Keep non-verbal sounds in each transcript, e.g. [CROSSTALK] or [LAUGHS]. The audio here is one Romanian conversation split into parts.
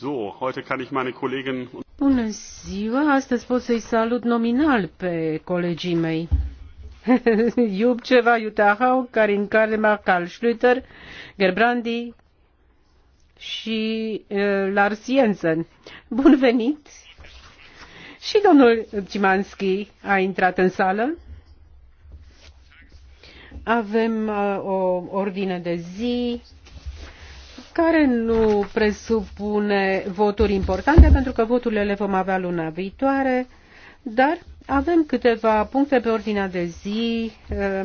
So, heute kann ich meine Kollegin... Bună ziua, astăzi pot să-i salut nominal pe colegii mei. [LAUGHS] Iubceva, Iutahau, Karin Karlema, Karl Schlüter, Gerbrandi și uh, Lars Jensen. Bun venit! Și domnul Cimanski a intrat în sală. Avem uh, o ordine de zi care nu presupune voturi importante, pentru că voturile le vom avea luna viitoare, dar avem câteva puncte pe ordinea de zi eh,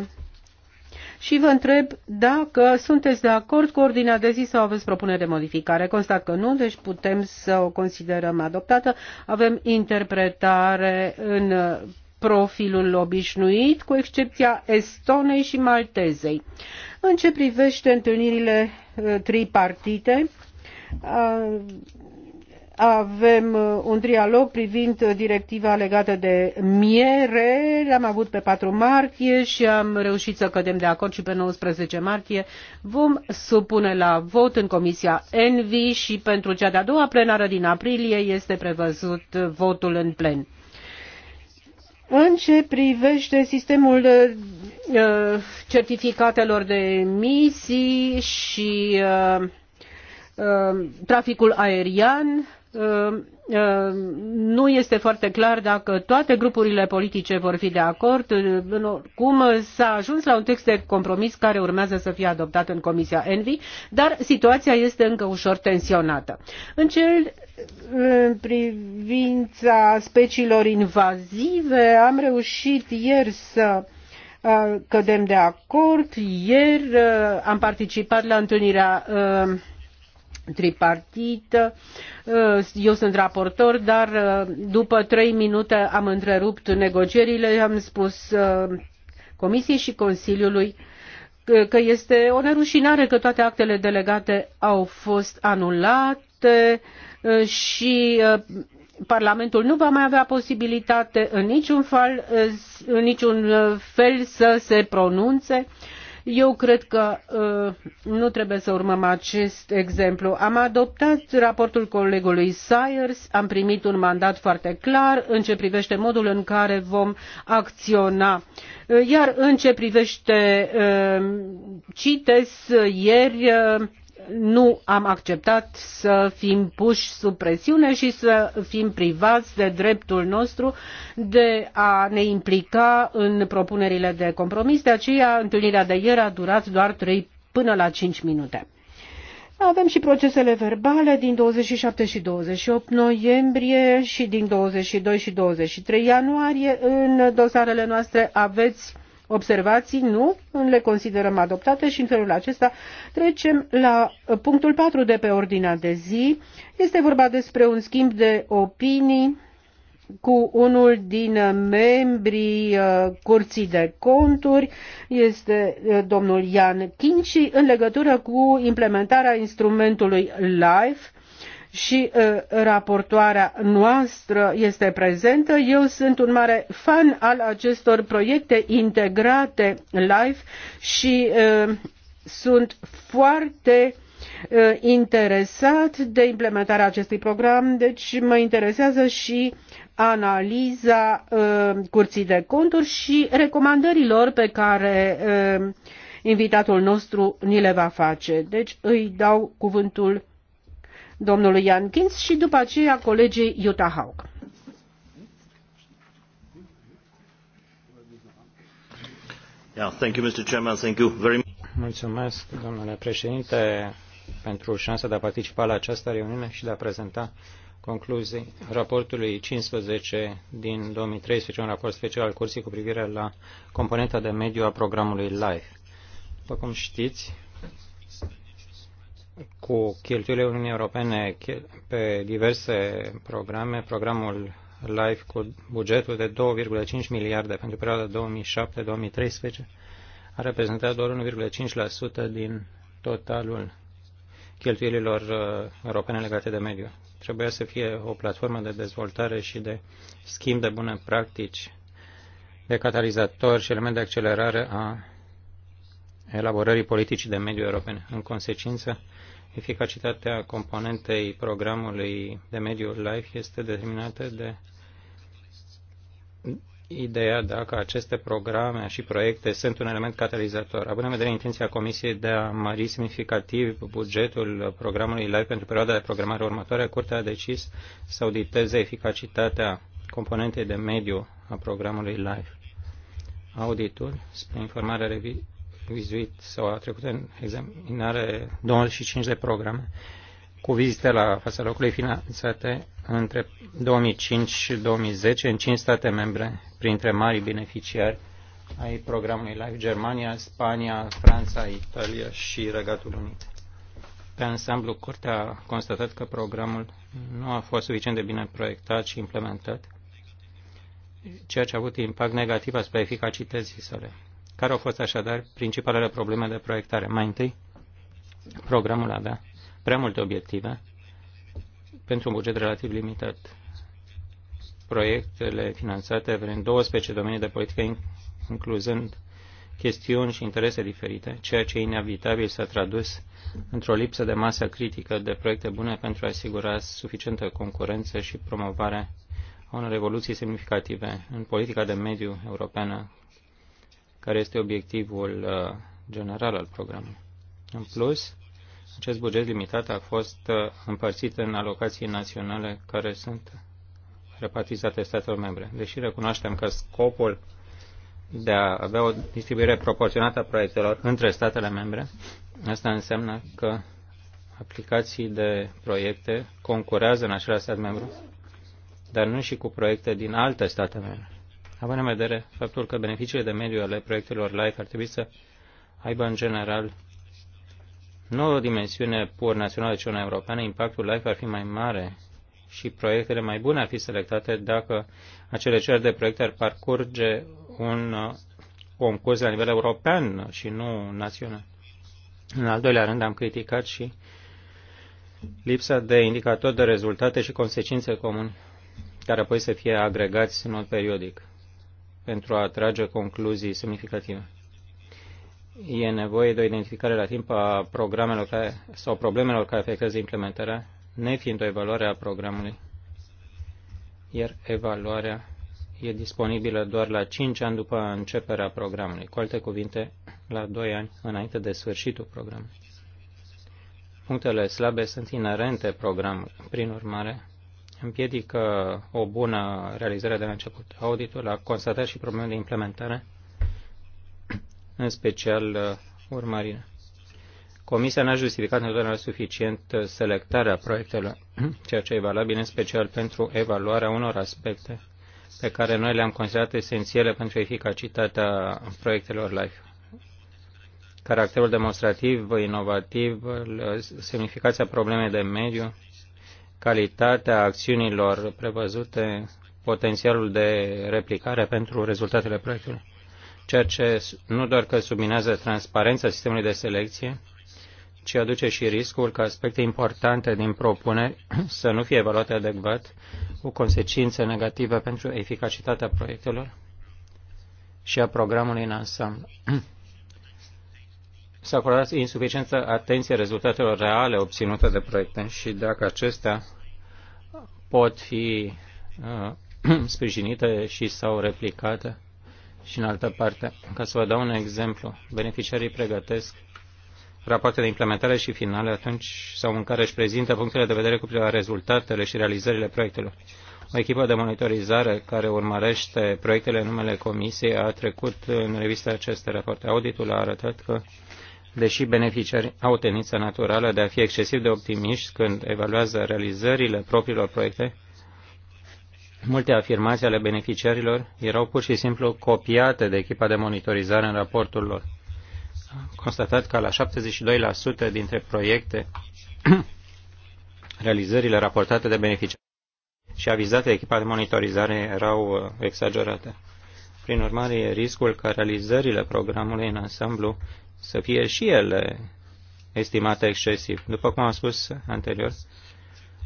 și vă întreb dacă sunteți de acord cu ordinea de zi sau aveți propunere de modificare. Constat că nu, deci putem să o considerăm adoptată. Avem interpretare în profilul obișnuit, cu excepția Estonei și Maltezei. În ce privește întâlnirile uh, tripartite, uh, avem uh, un trialog privind directiva legată de miere, l-am avut pe 4 martie și am reușit să cădem de acord și pe 19 martie. Vom supune la vot în Comisia Envi și pentru cea de-a doua plenară din aprilie este prevăzut votul în plen. În ce privește sistemul uh, uh, certificatelor de emisii și uh, traficul aerian, nu este foarte clar dacă toate grupurile politice vor fi de acord. Cum s-a ajuns la un text de compromis care urmează să fie adoptat în Comisia Envi, dar situația este încă ușor tensionată. În cel în privința speciilor invazive, am reușit ieri să uh, cădem de acord. Ieri uh, am participat la întâlnirea uh, tripartită. Eu sunt raportor, dar după trei minute am întrerupt negocierile, am spus Comisiei și Consiliului că este o nerușinare că toate actele delegate au fost anulate, Uh, și uh, Parlamentul nu va mai avea posibilitate în niciun, fel, uh, în niciun fel să se pronunțe. Eu cred că nu trebuie să urmăm acest exemplu. Am adoptat raportul colegului Sayers, am primit un mandat foarte clar în ce privește modul în care vom acționa. Iar în ce privește CITES, ieri nu am acceptat să fim puși sub presiune și să fim privați de dreptul nostru de a ne implica în propunerile de compromis. De aceea, întâlnirea de ieri a durat doar 3 până la 5 minute. Avem și procesele verbale din 27 și 28 noiembrie și din 22 și 23 ianuarie. În dosarele noastre aveți Observații nu, le considerăm adoptate și în felul acesta trecem la punctul 4 de pe ordinea de zi. Este vorba despre un schimb de opinii cu unul din membrii uh, Curții de Conturi, este uh, domnul Ian Kinci, în legătură cu implementarea instrumentului LIFE și uh, raportoarea noastră este prezentă. Eu sunt un mare fan al acestor proiecte integrate live și uh, sunt foarte uh, interesat de implementarea acestui program, deci mă interesează și analiza curții de conturi și recomandărilor pe care invitatul nostru ni le va face. Deci îi dau cuvântul domnului Jan Kins și după aceea colegii Jutta Haug. Yeah, thank you, Mr. Chairman. Thank you very much. Mulțumesc, domnule președinte, pentru șansa de a participa la această reuniune și de a prezenta concluzii raportului 15 din 2013, un raport special al Curții cu privire la componenta de mediu a programului LIFE. După cum știți, cu cheltuielile Uniunii Europene pe diverse programe, programul LIFE cu bugetul de 2,5 miliarde pentru perioada 2007-2013 a reprezentat doar 1,5% din totalul cheltuielilor uh, europene legate de mediu. Trebuia să fie o platformă de dezvoltare și de schimb de bune practici, de catalizator și element de accelerare a elaborării politicii de mediu europene. În consecință, eficacitatea componentei programului de mediu LIFE este determinată de ideea dacă aceste programe și proiecte sunt un element catalizator. Având în vedere intenția Comisiei de a mări semnificativ bugetul programului LIFE pentru perioada de programare următoare, Curtea a decis să auditeze eficacitatea componentei de mediu a programului LIFE. Auditul, spre informarea vizuit sau a trecut în examinare 25 de programe cu vizite la fața locului finanțate între 2005 și 2010 în 5 state membre, printre mari beneficiari ai programului LIFE Germania, Spania, Franța, Italia și Regatul Unit. Pe ansamblu, Curtea a constatat că programul nu a fost suficient de bine proiectat și implementat, ceea ce a avut impact negativ asupra eficacității sale. Care au fost așadar principalele probleme de proiectare? Mai întâi, programul avea prea multe obiective pentru un buget relativ limitat. Proiectele finanțate în 12 domenii de politică, incluzând chestiuni și interese diferite, ceea ce inevitabil s-a tradus într-o lipsă de masă critică de proiecte bune pentru a asigura suficientă concurență și promovare a unor revoluții semnificative în politica de mediu europeană care este obiectivul uh, general al programului. În plus, acest buget limitat a fost uh, împărțit în alocații naționale care sunt repartizate statelor membre. Deși recunoaștem că scopul de a avea o distribuire proporționată a proiectelor între statele membre, asta înseamnă că aplicații de proiecte concurează în același stat membru, dar nu și cu proiecte din alte state membre. Având în vedere faptul că beneficiile de mediu ale proiectelor LIFE ar trebui să aibă în general nu o dimensiune pur națională, ci una europeană, impactul LIFE ar fi mai mare și proiectele mai bune ar fi selectate dacă acele cer de proiecte ar parcurge un concurs uh, la nivel european și nu național. În al doilea rând am criticat și lipsa de indicatori de rezultate și consecințe comuni, care apoi să fie agregați în mod periodic pentru a trage concluzii semnificative. E nevoie de o identificare la timp a programelor care, sau problemelor care afectează implementarea, nefiind o evaluare a programului, iar evaluarea e disponibilă doar la 5 ani după începerea programului, cu alte cuvinte, la 2 ani înainte de sfârșitul programului. Punctele slabe sunt inerente programului. Prin urmare, împiedică o bună realizare de la început. Auditul a constatat și probleme de implementare, în special uh, urmărirea. Comisia n-a justificat întotdeauna suficient uh, selectarea proiectelor, [CLEARS THROAT] ceea ce e valabil în special pentru evaluarea unor aspecte pe care noi le-am considerat esențiale pentru eficacitatea proiectelor LIFE. Caracterul demonstrativ, inovativ, uh, semnificația problemei de mediu, calitatea acțiunilor prevăzute, potențialul de replicare pentru rezultatele proiectului, ceea ce nu doar că subminează transparența sistemului de selecție, ci aduce și riscul ca aspecte importante din propuneri [CLEARS THROAT] să nu fie evaluate adecvat, cu consecințe negative pentru eficacitatea proiectelor și a programului în ansamblu. [CLEARS THROAT] să acordați insuficientă atenție rezultatelor reale obținute de proiecte și dacă acestea pot fi uh, [CLEARS THROAT] sprijinite și sau replicate și în altă parte. Ca să vă dau un exemplu, beneficiarii pregătesc rapoarte de implementare și finale atunci sau în care își prezintă punctele de vedere cu privire la rezultatele și realizările proiectelor. O echipă de monitorizare care urmărește proiectele în numele Comisiei a trecut în revistă aceste rapoarte. Auditul a arătat că deși beneficiarii au tendința naturală de a fi excesiv de optimiști când evaluează realizările propriilor proiecte, multe afirmații ale beneficiarilor erau pur și simplu copiate de echipa de monitorizare în raportul lor. Am constatat că la 72% dintre proiecte [CLEARS THROAT] realizările raportate de beneficiari și avizate de echipa de monitorizare erau uh, exagerate. Prin urmare, e riscul ca realizările programului în ansamblu să fie și ele estimate excesiv. După cum am spus anterior,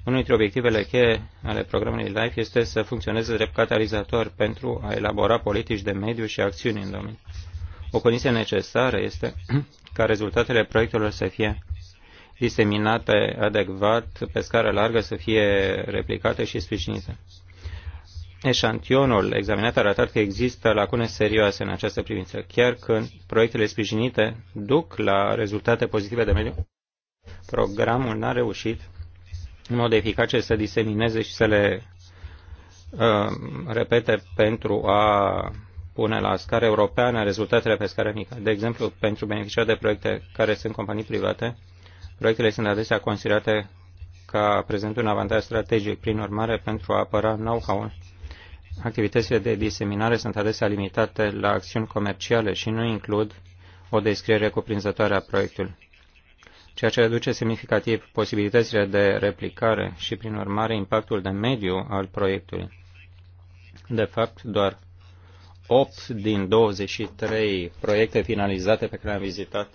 unul dintre obiectivele cheie ale programului LIFE este să funcționeze drept catalizator pentru a elabora politici de mediu și acțiuni în domeniu. O condiție necesară este [CLEARS THROAT] ca rezultatele proiectelor să fie diseminate adecvat, pe scară largă, să fie replicate și sprijinite eșantionul examinat a arătat că există lacune serioase în această privință, chiar când proiectele sprijinite duc la rezultate pozitive de mediu. Programul n-a reușit în mod eficace să disemineze și să le uh, repete pentru a pune la scară europeană rezultatele pe scară mică. De exemplu, pentru beneficiari de proiecte care sunt companii private, proiectele sunt adesea considerate ca prezent un avantaj strategic, prin urmare, pentru a apăra know-how-ul Activitățile de diseminare sunt adesea limitate la acțiuni comerciale și nu includ o descriere cuprinzătoare a proiectului, ceea ce reduce semnificativ posibilitățile de replicare și, prin urmare, impactul de mediu al proiectului. De fapt, doar 8 din 23 proiecte finalizate pe care am vizitat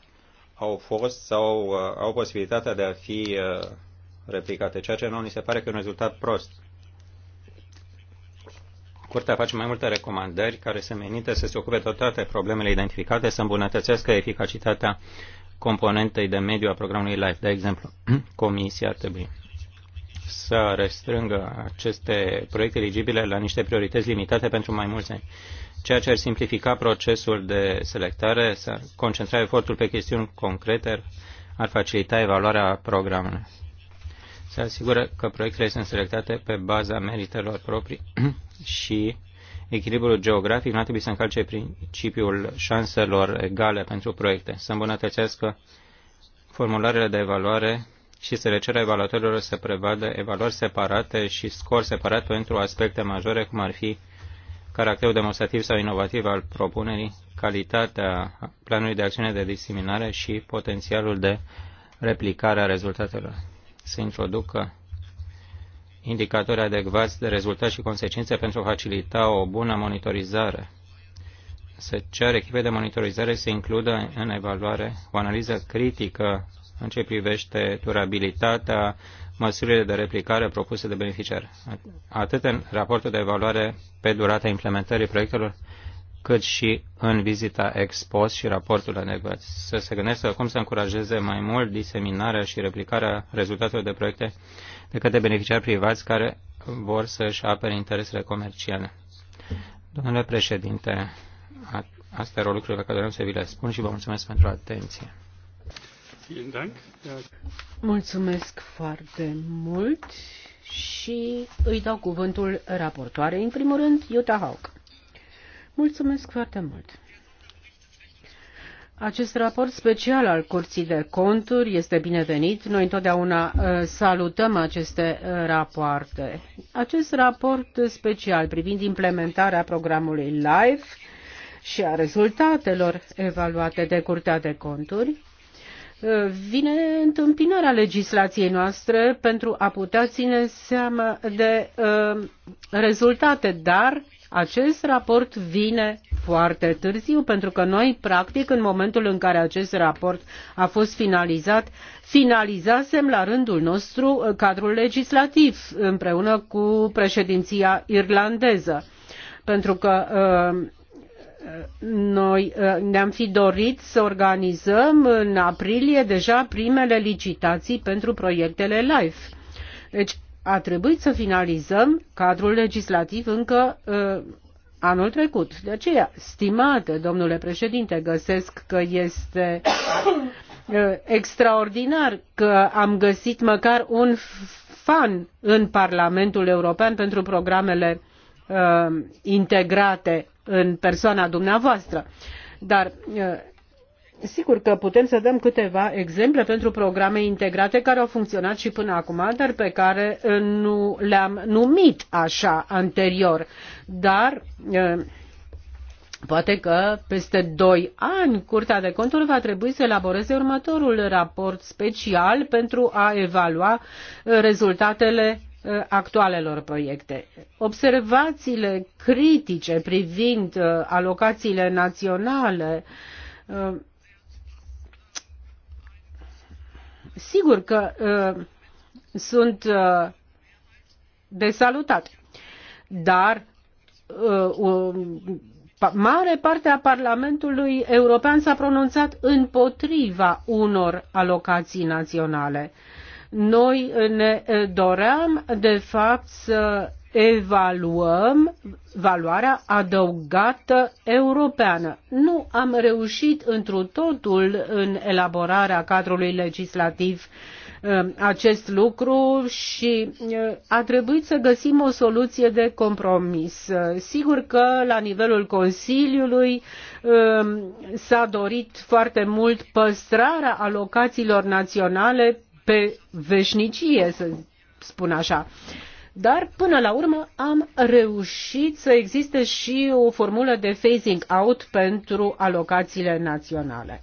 au fost sau uh, au posibilitatea de a fi uh, replicate, ceea ce nu ni se pare că e un rezultat prost. Curtea face mai multe recomandări care se menite să se ocupe de toate problemele identificate, să îmbunătățească eficacitatea componentei de mediu a programului LIFE. De exemplu, [CLEARS THROAT] Comisia ar trebui să restrângă aceste proiecte eligibile la niște priorități limitate pentru mai mulți ani, ceea ce ar simplifica procesul de selectare, să concentra efortul pe chestiuni concrete, ar facilita evaluarea programului se asigură că proiectele sunt selectate pe baza meritelor proprii [CLEARS THROAT] și echilibrul geografic nu trebui să încalce principiul șanselor egale pentru proiecte, să îmbunătățească formularele de evaluare și să le cere evaluatorilor să prevadă evaluări separate și scor separat pentru aspecte majore, cum ar fi caracterul demonstrativ sau inovativ al propunerii, calitatea planului de acțiune de diseminare și potențialul de replicare a rezultatelor să introducă indicatori adecvați de rezultat și consecințe pentru a facilita o bună monitorizare. Să cer echipe de monitorizare să includă în evaluare o analiză critică în ce privește durabilitatea măsurile de replicare propuse de beneficiar, atât în raportul de evaluare pe durata implementării proiectelor, cât și în vizita Expos și raportul la negoți. Să se gândească cum să încurajeze mai mult diseminarea și replicarea rezultatelor de proiecte de către beneficiari privați care vor să-și apere interesele comerciale. Domnule președinte, astea erau lucrurile pe care doream să vi le spun și vă mulțumesc pentru atenție. Mulțumesc foarte mult și îi dau cuvântul raportoare în primul rând, Iuta Hauck. Mulțumesc foarte mult! Acest raport special al Curții de Conturi este binevenit. Noi întotdeauna uh, salutăm aceste uh, rapoarte. Acest raport special privind implementarea programului LIFE și a rezultatelor evaluate de Curtea de Conturi uh, vine întâmpinarea legislației noastre pentru a putea ține seama de uh, rezultate, dar acest raport vine foarte târziu, pentru că noi, practic, în momentul în care acest raport a fost finalizat, finalizasem la rândul nostru uh, cadrul legislativ împreună cu președinția irlandeză. Pentru că uh, noi uh, ne-am fi dorit să organizăm în aprilie deja primele licitații pentru proiectele LIFE. Deci a trebuit să finalizăm cadrul legislativ încă uh, anul trecut. De aceea, stimate domnule președinte, găsesc că este uh, extraordinar că am găsit măcar un fan în Parlamentul European pentru programele uh, integrate în persoana dumneavoastră. Dar uh, Sigur că putem să dăm câteva exemple pentru programe integrate care au funcționat și până acum, dar pe care uh, nu le-am numit așa anterior. Dar uh, poate că peste doi ani Curtea de Conturi va trebui să elaboreze următorul raport special pentru a evalua uh, rezultatele actualelor proiecte. Observațiile critice privind alocațiile naționale sigur că uh, sunt uh, de salutat. Dar uh, uh, mare parte a Parlamentului European s-a pronunțat împotriva unor alocații naționale. Noi ne uh, doream, de fapt, să evaluăm valoarea adăugată europeană. Nu am reușit întru totul în elaborarea cadrului legislativ um, acest lucru și uh, a trebuit să găsim o soluție de compromis. Uh, sigur că la nivelul Consiliului um, s-a dorit foarte mult păstrarea alocațiilor naționale pe veșnicie, să spun așa. Dar, până la urmă, am reușit să existe și o formulă de phasing out pentru alocațiile naționale.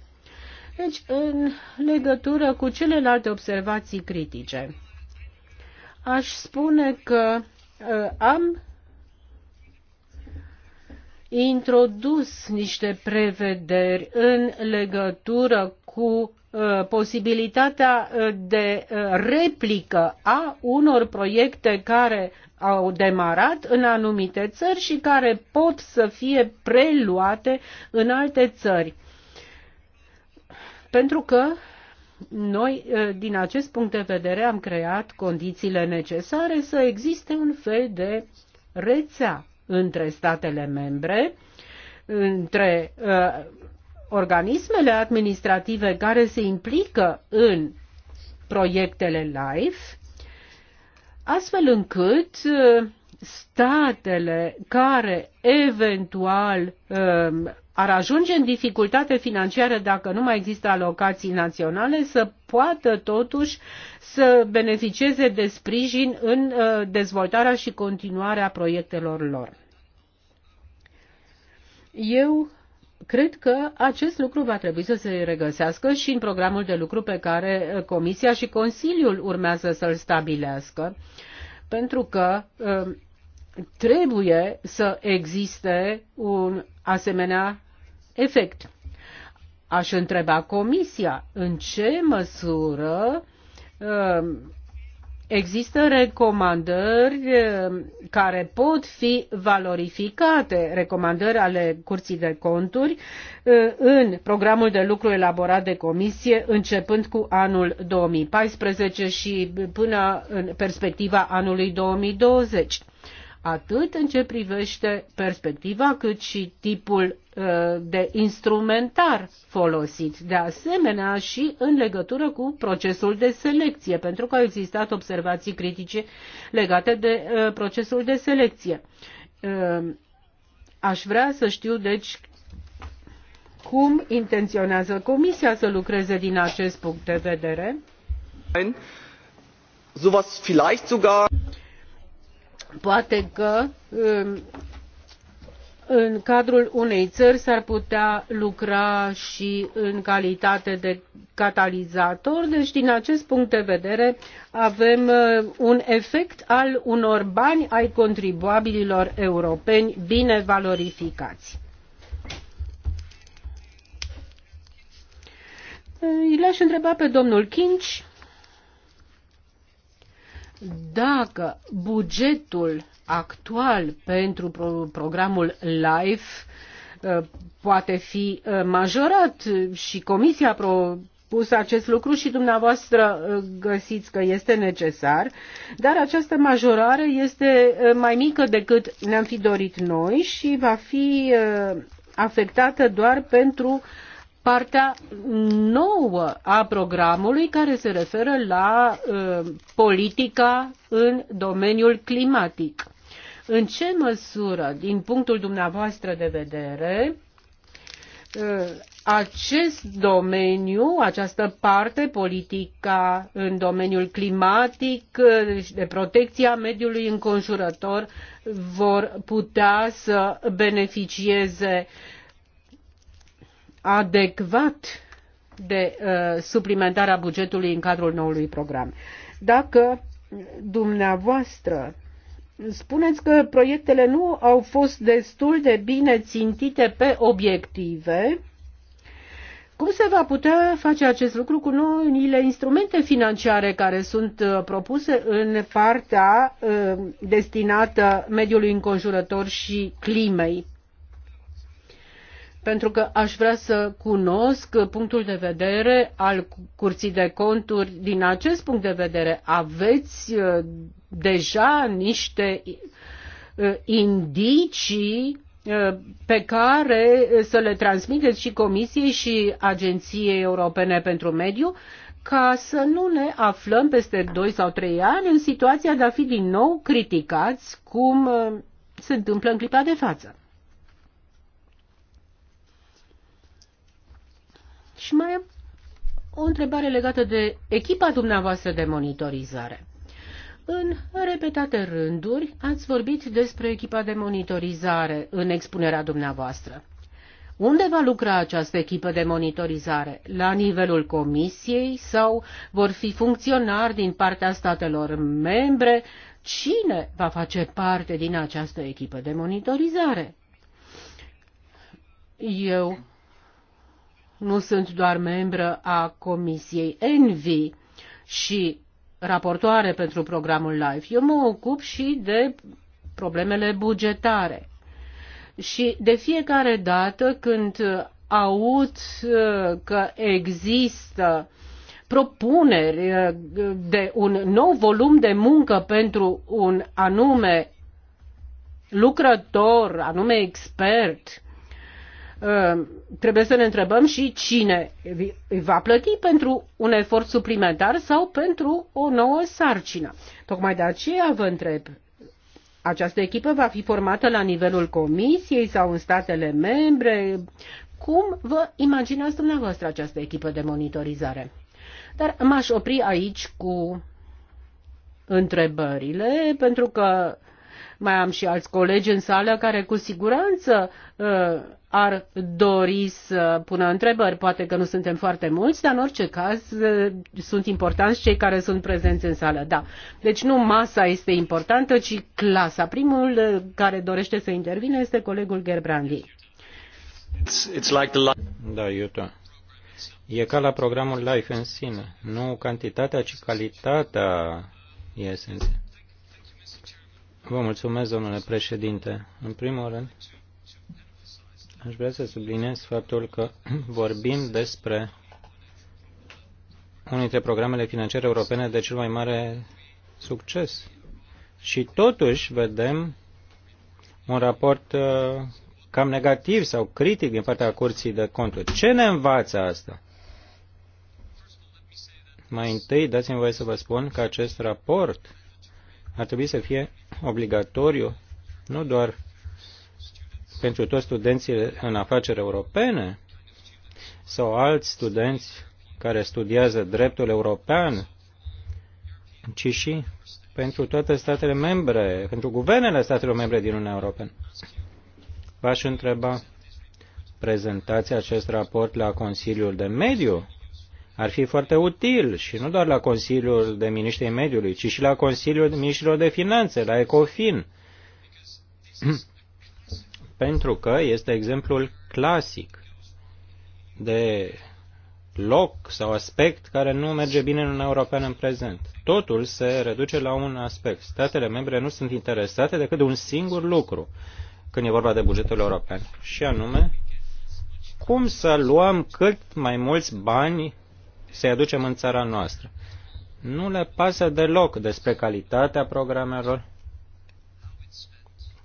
Deci, în legătură cu celelalte observații critice, aș spune că uh, am introdus niște prevederi în legătură cu uh, posibilitatea uh, de uh, replică a unor proiecte care au demarat în anumite țări și care pot să fie preluate în alte țări. Pentru că noi, din acest punct de vedere, am creat condițiile necesare să existe un fel de rețea între statele membre, între uh, organismele administrative care se implică în proiectele LIFE, astfel încât uh, statele care eventual uh, ar ajunge în dificultate financiară dacă nu mai există alocații naționale, să poată totuși să beneficieze de sprijin în uh, dezvoltarea și continuarea proiectelor lor. Eu cred că acest lucru va trebui să se regăsească și în programul de lucru pe care Comisia și Consiliul urmează să-l stabilească, pentru că um, trebuie să existe un asemenea efect. Aș întreba Comisia în ce măsură um, Există recomandări eh, care pot fi valorificate, recomandări ale Curții de Conturi, eh, în programul de lucru elaborat de Comisie, începând cu anul 2014 și până în perspectiva anului 2020 atât în ce privește perspectiva, cât și tipul uh, de instrumentar folosit. De asemenea, și în legătură cu procesul de selecție, pentru că au existat observații critice legate de uh, procesul de selecție. Uh, aș vrea să știu, deci, cum intenționează Comisia să lucreze din acest punct de vedere? Sowas vielleicht sogar poate că um, în cadrul unei țări s-ar putea lucra și în calitate de catalizator. Deci, din acest punct de vedere, avem uh, un efect al unor bani ai contribuabililor europeni bine valorificați. Uh, Le-aș întreba pe domnul Kinci dacă bugetul actual pentru programul LIFE uh, poate fi uh, majorat și Comisia a propus acest lucru și dumneavoastră uh, găsiți că este necesar, dar această majorare este mai mică decât ne-am fi dorit noi și va fi afectată doar pentru uh, partea nouă a programului care se referă la uh, politica în domeniul climatic. În ce măsură, din punctul dumneavoastră de vedere, uh, acest domeniu, această parte, politica în domeniul climatic uh, și de protecția mediului înconjurător, vor putea să beneficieze uh, adecvat de uh, suplimentarea bugetului în cadrul noului program. Dacă dumneavoastră spuneți că proiectele nu au fost destul de bine țintite pe obiective, cum se va putea face acest lucru cu noile instrumente financiare care sunt uh, propuse în partea uh, destinată mediului înconjurător și climei? pentru că aș vrea să cunosc punctul de vedere al Curții de Conturi. Din acest punct de vedere, aveți uh, deja niște uh, indicii uh, pe care să le transmiteți și Comisiei și Agenției Europene pentru Mediu, ca să nu ne aflăm peste 2 sau 3 ani în situația de a fi din nou criticați cum se întâmplă în clipa de față. Și mai am o întrebare legată de echipa dumneavoastră de monitorizare. În repetate rânduri ați vorbit despre echipa de monitorizare în expunerea dumneavoastră. Unde va lucra această echipă de monitorizare? La nivelul comisiei sau vor fi funcționari din partea statelor membre? Cine va face parte din această echipă de monitorizare? Eu nu sunt doar membră a Comisiei Envy și raportoare pentru programul LIFE. Eu mă ocup și de problemele bugetare. Și de fiecare dată când aud uh, că există propuneri uh, de un nou volum de muncă pentru un anume lucrător, anume expert, Uh, trebuie să ne întrebăm și cine va plăti pentru un efort suplimentar sau pentru o nouă sarcină. Tocmai de aceea vă întreb, această echipă va fi formată la nivelul Comisiei sau în statele membre? Cum vă imaginați dumneavoastră această echipă de monitorizare? Dar m-aș opri aici cu întrebările, pentru că mai am și alți colegi în sală care cu siguranță uh, ar dori să pună întrebări. Poate că nu suntem foarte mulți, dar în orice caz uh, sunt importanți cei care sunt prezenți în sală. Da. Deci nu masa este importantă, ci clasa. Primul uh, care dorește să intervine este colegul Gerbrandi. Da, Iuta. E ca la programul Life în sine. Nu cantitatea, ci calitatea e esențială. Vă mulțumesc, domnule președinte. În primul rând, aș vrea să subliniez faptul că [CLEARS THROAT] vorbim despre unul dintre programele financiare europene de cel mai mare succes. Și totuși vedem un raport uh, cam negativ sau critic din partea Curții de Conturi. Ce ne învață asta? Mai întâi, dați-mi voie să vă spun că acest raport ar trebui să fie obligatoriu nu doar pentru toți studenții în afaceri europene sau alți studenți care studiază dreptul european, ci și pentru toate statele membre, pentru guvernele statelor membre din Uniunea Europeană. V-aș întreba, prezentați acest raport la Consiliul de Mediu ar fi foarte util și nu doar la Consiliul de Miniștrii Mediului, ci și la Consiliul de Miniștrilor de Finanțe, la ECOFIN. [CLEARS THROAT] Pentru că este exemplul clasic de loc sau aspect care nu merge bine în Uniunea Europeană în prezent. Totul se reduce la un aspect. Statele membre nu sunt interesate decât de un singur lucru când e vorba de bugetul european, și anume cum să luăm cât mai mulți bani să-i aducem în țara noastră. Nu le pasă deloc despre calitatea programelor,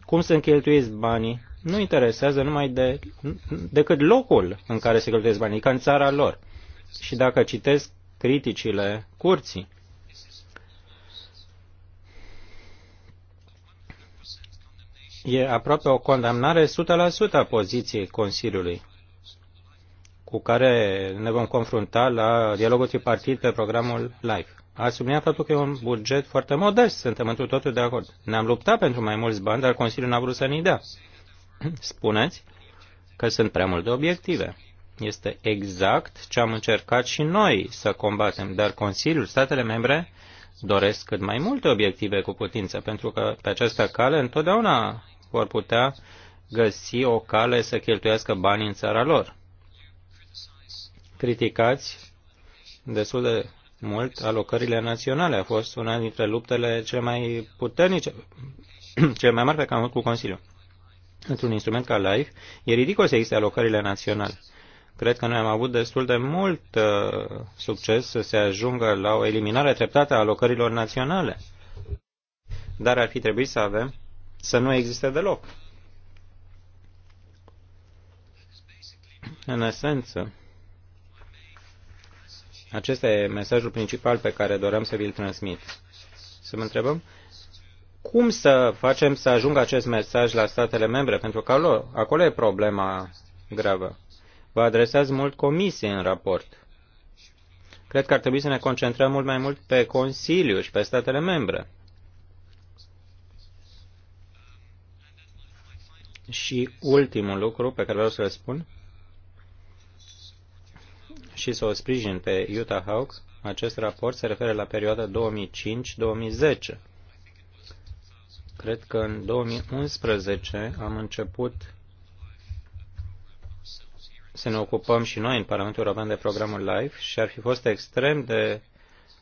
cum sunt cheltuiți banii, nu interesează numai de, decât locul în care se cheltuiesc banii, ca în țara lor. Și dacă citesc criticile curții, e aproape o condamnare 100% a poziției Consiliului cu care ne vom confrunta la dialogul tripartit pe programul LIFE. A subliniat faptul că e un buget foarte modest, suntem într totul de acord. Ne-am luptat pentru mai mulți bani, dar Consiliul n-a vrut să ne dea. [CLEARS THROAT] Spuneți că sunt prea multe obiective. Este exact ce am încercat și noi să combatem, dar Consiliul, statele membre, doresc cât mai multe obiective cu putință, pentru că pe această cale întotdeauna vor putea găsi o cale să cheltuiască banii în țara lor criticați destul de mult alocările naționale. A fost una dintre luptele cele mai puternice, [CLEARS THROAT] cele mai mari pe care am avut cu Consiliul. Într-un instrument ca LIFE, e ridicol să existe alocările naționale. Cred că noi am avut destul de mult uh, succes să se ajungă la o eliminare treptată a alocărilor naționale. Dar ar fi trebuit să avem să nu existe deloc. În esență, acesta e mesajul principal pe care doream să vi-l transmit. Să mă întrebăm cum să facem să ajungă acest mesaj la statele membre, pentru că acolo, acolo e problema gravă. Vă adresați mult comisie în raport. Cred că ar trebui să ne concentrăm mult mai mult pe Consiliu și pe statele membre. Și ultimul lucru pe care vreau să-l spun și să o sprijin pe Utah Hawks, acest raport se referă la perioada 2005-2010. Cred că în 2011 am început să ne ocupăm și noi în Parlamentul European de programul LIFE și ar fi fost extrem de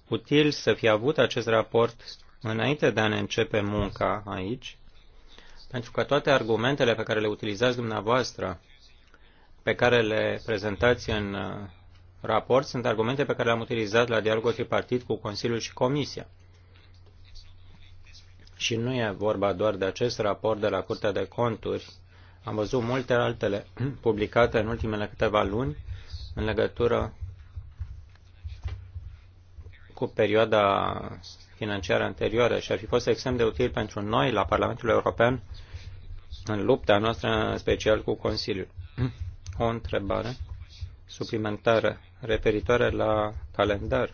util să fi avut acest raport înainte de a ne începe munca aici, pentru că toate argumentele pe care le utilizați dumneavoastră, pe care le prezentați în raport sunt argumente pe care le-am utilizat la dialogul tripartit cu Consiliul și Comisia. Și nu e vorba doar de acest raport de la Curtea de Conturi. Am văzut multe altele [CLEARS THROAT] publicate în ultimele câteva luni în legătură cu perioada financiară anterioară și ar fi fost extrem de util pentru noi la Parlamentul European în lupta noastră, în special cu Consiliul. [CLEARS THROAT] O întrebare suplimentară referitoare la calendar.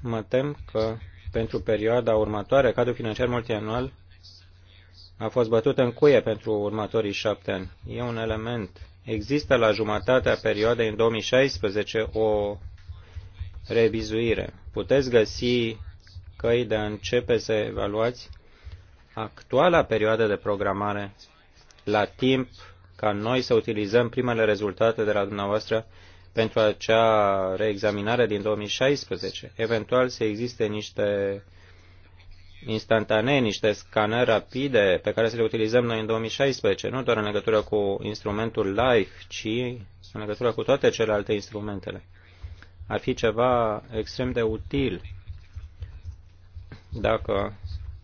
Mă tem că pentru perioada următoare, cadrul financiar multianual a fost bătut în cuie pentru următorii șapte ani. E un element. Există la jumătatea perioadei în 2016 o revizuire. Puteți găsi căi de a începe să evaluați actuala perioadă de programare la timp ca noi să utilizăm primele rezultate de la dumneavoastră pentru acea reexaminare din 2016. Eventual să existe niște instantanee, niște scanări rapide pe care să le utilizăm noi în 2016, nu doar în legătură cu instrumentul LIFE, ci în legătură cu toate celelalte instrumentele. Ar fi ceva extrem de util dacă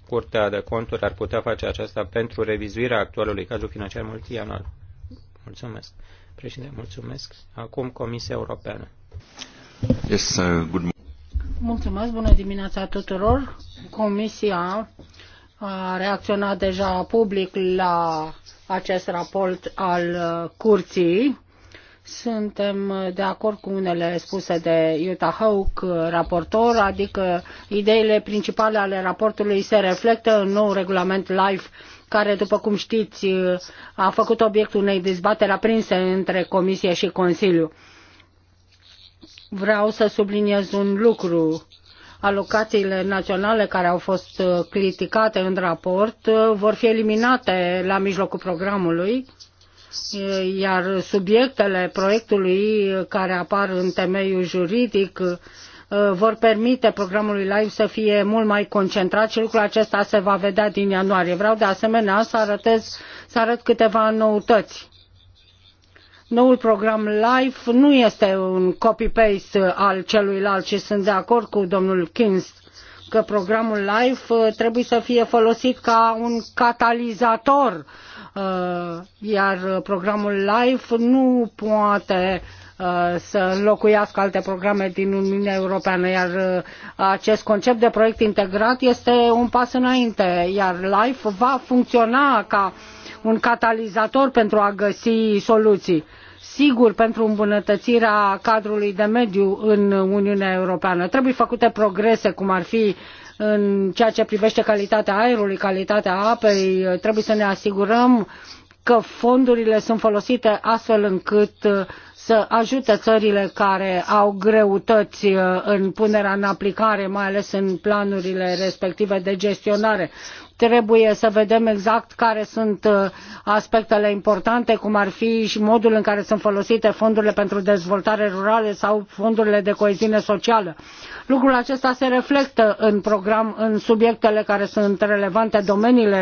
Curtea de Conturi ar putea face aceasta pentru revizuirea actualului cadru financiar multianual. Mulțumesc. Președinte, mulțumesc. Acum Comisia Europeană. Yes, uh, good Mulțumesc, bună dimineața tuturor. Comisia a reacționat deja public la acest raport al curții. Suntem de acord cu unele spuse de Utah Hauk, raportor, adică ideile principale ale raportului se reflectă în nou regulament LIFE care, după cum știți, a făcut obiectul unei dezbateri aprinse între Comisie și Consiliu. Vreau să subliniez un lucru. Alocațiile naționale care au fost uh, criticate în raport uh, vor fi eliminate la mijlocul programului uh, iar subiectele proiectului care apar în temeiul juridic Uh, vor permite programului LIFE să fie mult mai concentrat și lucrul acesta se va vedea din ianuarie. Vreau de asemenea să, arătez, să arăt câteva noutăți. Noul program LIFE nu este un copy-paste al celuilalt și sunt de acord cu domnul Kins. că programul LIFE uh, trebuie să fie folosit ca un catalizator uh, iar programul LIFE nu poate Uh, să înlocuiască alte programe din Uniunea Europeană, iar uh, acest concept de proiect integrat este un pas înainte, iar LIFE va funcționa ca un catalizator pentru a găsi soluții sigur pentru îmbunătățirea cadrului de mediu în Uniunea Europeană. Trebuie făcute progrese, cum ar fi în ceea ce privește calitatea aerului, calitatea apei, trebuie să ne asigurăm că fondurile sunt folosite astfel încât uh, să ajute țările care au greutăți uh, în punerea în aplicare, mai ales în planurile respective de gestionare. Trebuie să vedem exact care sunt uh, aspectele importante, cum ar fi și modul în care sunt folosite fondurile pentru dezvoltare rurală sau fondurile de coeziune socială. Lucrul acesta se reflectă în program, în subiectele care sunt relevante, domeniile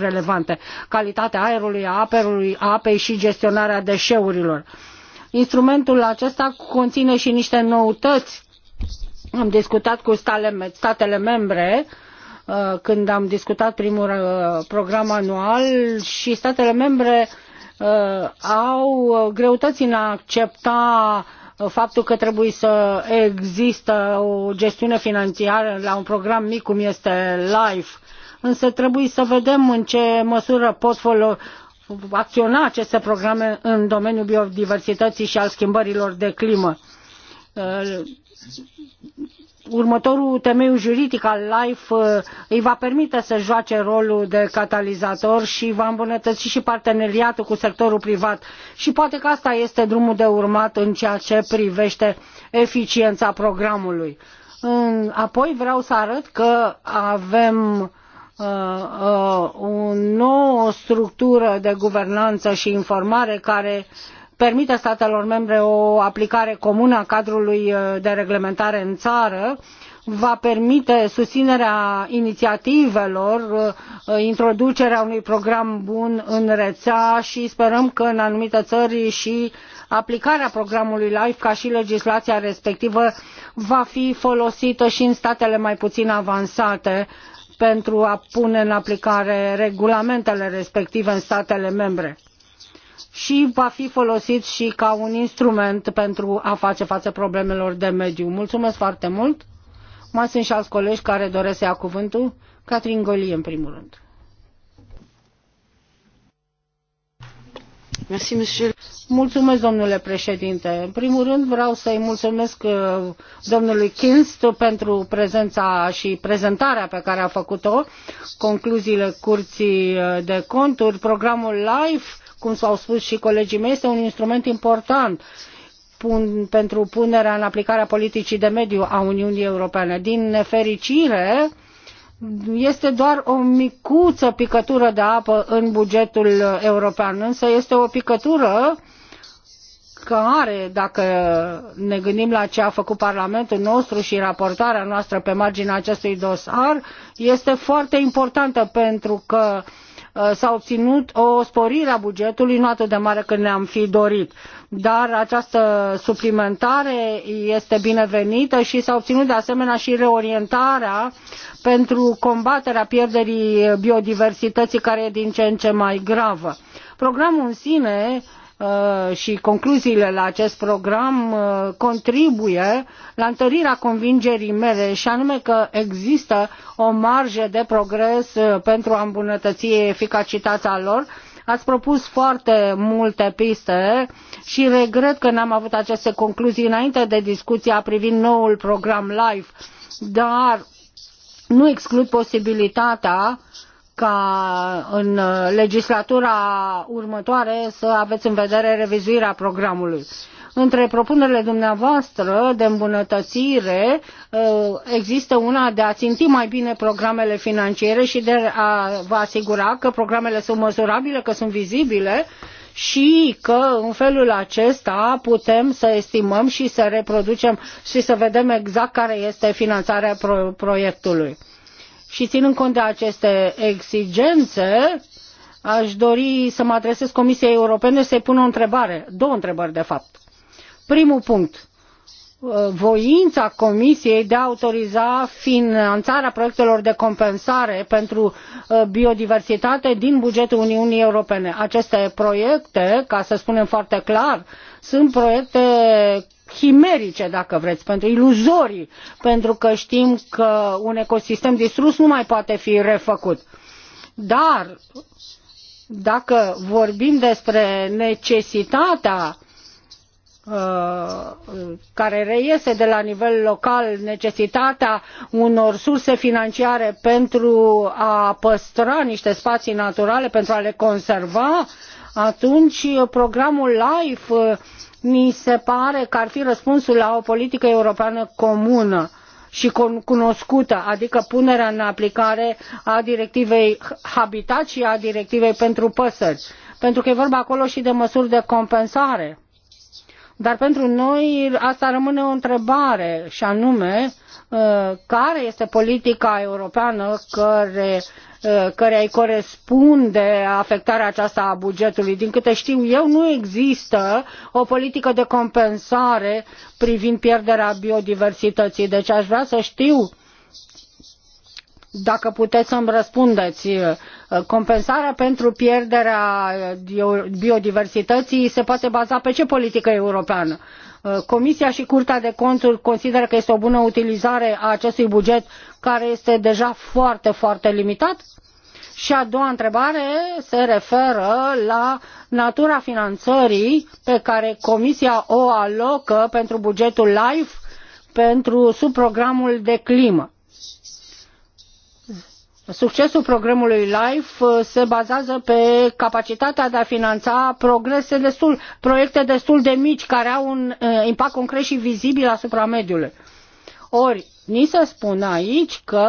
relevante, calitatea aerului, a apelui, a apei și gestionarea deșeurilor Instrumentul acesta conține și niște noutăți. Am discutat cu statele membre uh, când am discutat primul uh, program anual și statele membre uh, au greutăți în a accepta faptul că trebuie să există o gestiune financiară la un program mic cum este LIFE, însă trebuie să vedem în ce măsură pot folosi acționa aceste programe în domeniul biodiversității și al schimbărilor de climă. Uh, următorul temeiu juridic al LIFE uh, îi va permite să joace rolul de catalizator și va îmbunătăți și parteneriatul cu sectorul privat. Și poate că asta este drumul de urmat în ceea ce privește eficiența programului. Apoi vreau să arăt că avem Uh, uh, o nouă structură de guvernanță și informare care permite statelor membre o aplicare comună a cadrului uh, de reglementare în țară va permite susținerea inițiativelor, introducerea unui program bun în rețea și sperăm că în anumite țări și aplicarea programului LIFE ca și legislația respectivă va fi folosită și în statele mai puțin avansate pentru a pune în aplicare regulamentele respective în statele membre și va fi folosit și ca un instrument pentru a face față problemelor de mediu. Mulțumesc foarte mult! Mai sunt și alți colegi care doresc să ia cuvântul. Catrin Golie, în primul rând. Mulțumesc, domnule președinte. În primul rând vreau să-i mulțumesc uh, domnului Kinst pentru prezența și prezentarea pe care a făcut-o, concluziile Curții uh, de Conturi, programul LIFE, cum s-au spus și colegii mei, este un instrument important pun, pentru punerea în aplicare a politicii de mediu a Uniunii Europene. Din nefericire, uh, este doar o micuță picătură de apă în bugetul european, însă este o picătură care, dacă ne gândim la ce a făcut Parlamentul nostru și raportarea noastră pe marginea acestui dosar, este foarte importantă pentru că uh, s-a obținut o sporire a bugetului, nu atât de mare cât ne-am fi dorit dar această suplimentare este binevenită și s-a obținut de asemenea și reorientarea pentru combaterea pierderii biodiversității care e din ce în ce mai gravă. Programul în sine uh, și concluziile la acest program uh, contribuie la întărirea convingerii mele și anume că există o marjă de progres uh, pentru a îmbunătăți eficacitatea lor Ați propus foarte multe piste și regret că n-am avut aceste concluzii înainte de discuția privind noul program LIFE, dar nu exclud posibilitatea ca în legislatura următoare să aveți în vedere revizuirea programului. Între propunerile dumneavoastră de îmbunătățire uh, există una de a ținti mai bine programele financiare și de a vă asigura că programele sunt măsurabile, că sunt vizibile și că în felul acesta putem să estimăm și să reproducem și să vedem exact care este finanțarea pro- proiectului. Și ținând cont de aceste exigențe, aș dori să mă adresez Comisiei Europene să-i pun o întrebare, două întrebări de fapt. Primul punct uh, voința Comisiei de a autoriza finanțarea proiectelor de compensare pentru uh, biodiversitate din bugetul Uniunii Europene. Aceste proiecte, ca să spunem foarte clar, sunt proiecte chimerice, dacă vreți, pentru iluzorii, pentru că știm că un ecosistem distrus nu mai poate fi refăcut. Dar dacă vorbim despre necesitatea Uh, care reiese de la nivel local necesitatea unor surse financiare pentru a păstra niște spații naturale, pentru a le conserva, atunci programul LIFE mi uh, se pare că ar fi răspunsul la o politică europeană comună și cunoscută, adică punerea în aplicare a directivei Habitat și a directivei pentru păsări. Pentru că e vorba acolo și de măsuri de compensare dar pentru noi asta rămâne o întrebare și anume uh, care este politica europeană care uh, care îi corespunde afectarea aceasta a bugetului. Din câte știu eu, nu există o politică de compensare privind pierderea biodiversității. Deci aș vrea să știu dacă puteți să-mi răspundeți, uh, compensarea pentru pierderea biodiversității se poate baza pe ce politică europeană? Uh, Comisia și Curtea de Conturi consideră că este o bună utilizare a acestui buget care este deja foarte, foarte limitat? Și a doua întrebare se referă la natura finanțării pe care Comisia o alocă pentru bugetul LIFE pentru subprogramul de climă Succesul programului LIFE uh, se bazează pe capacitatea de a finanța progrese destul, proiecte destul de mici care au un uh, impact concret și vizibil asupra mediului. Ori, ni se spune aici că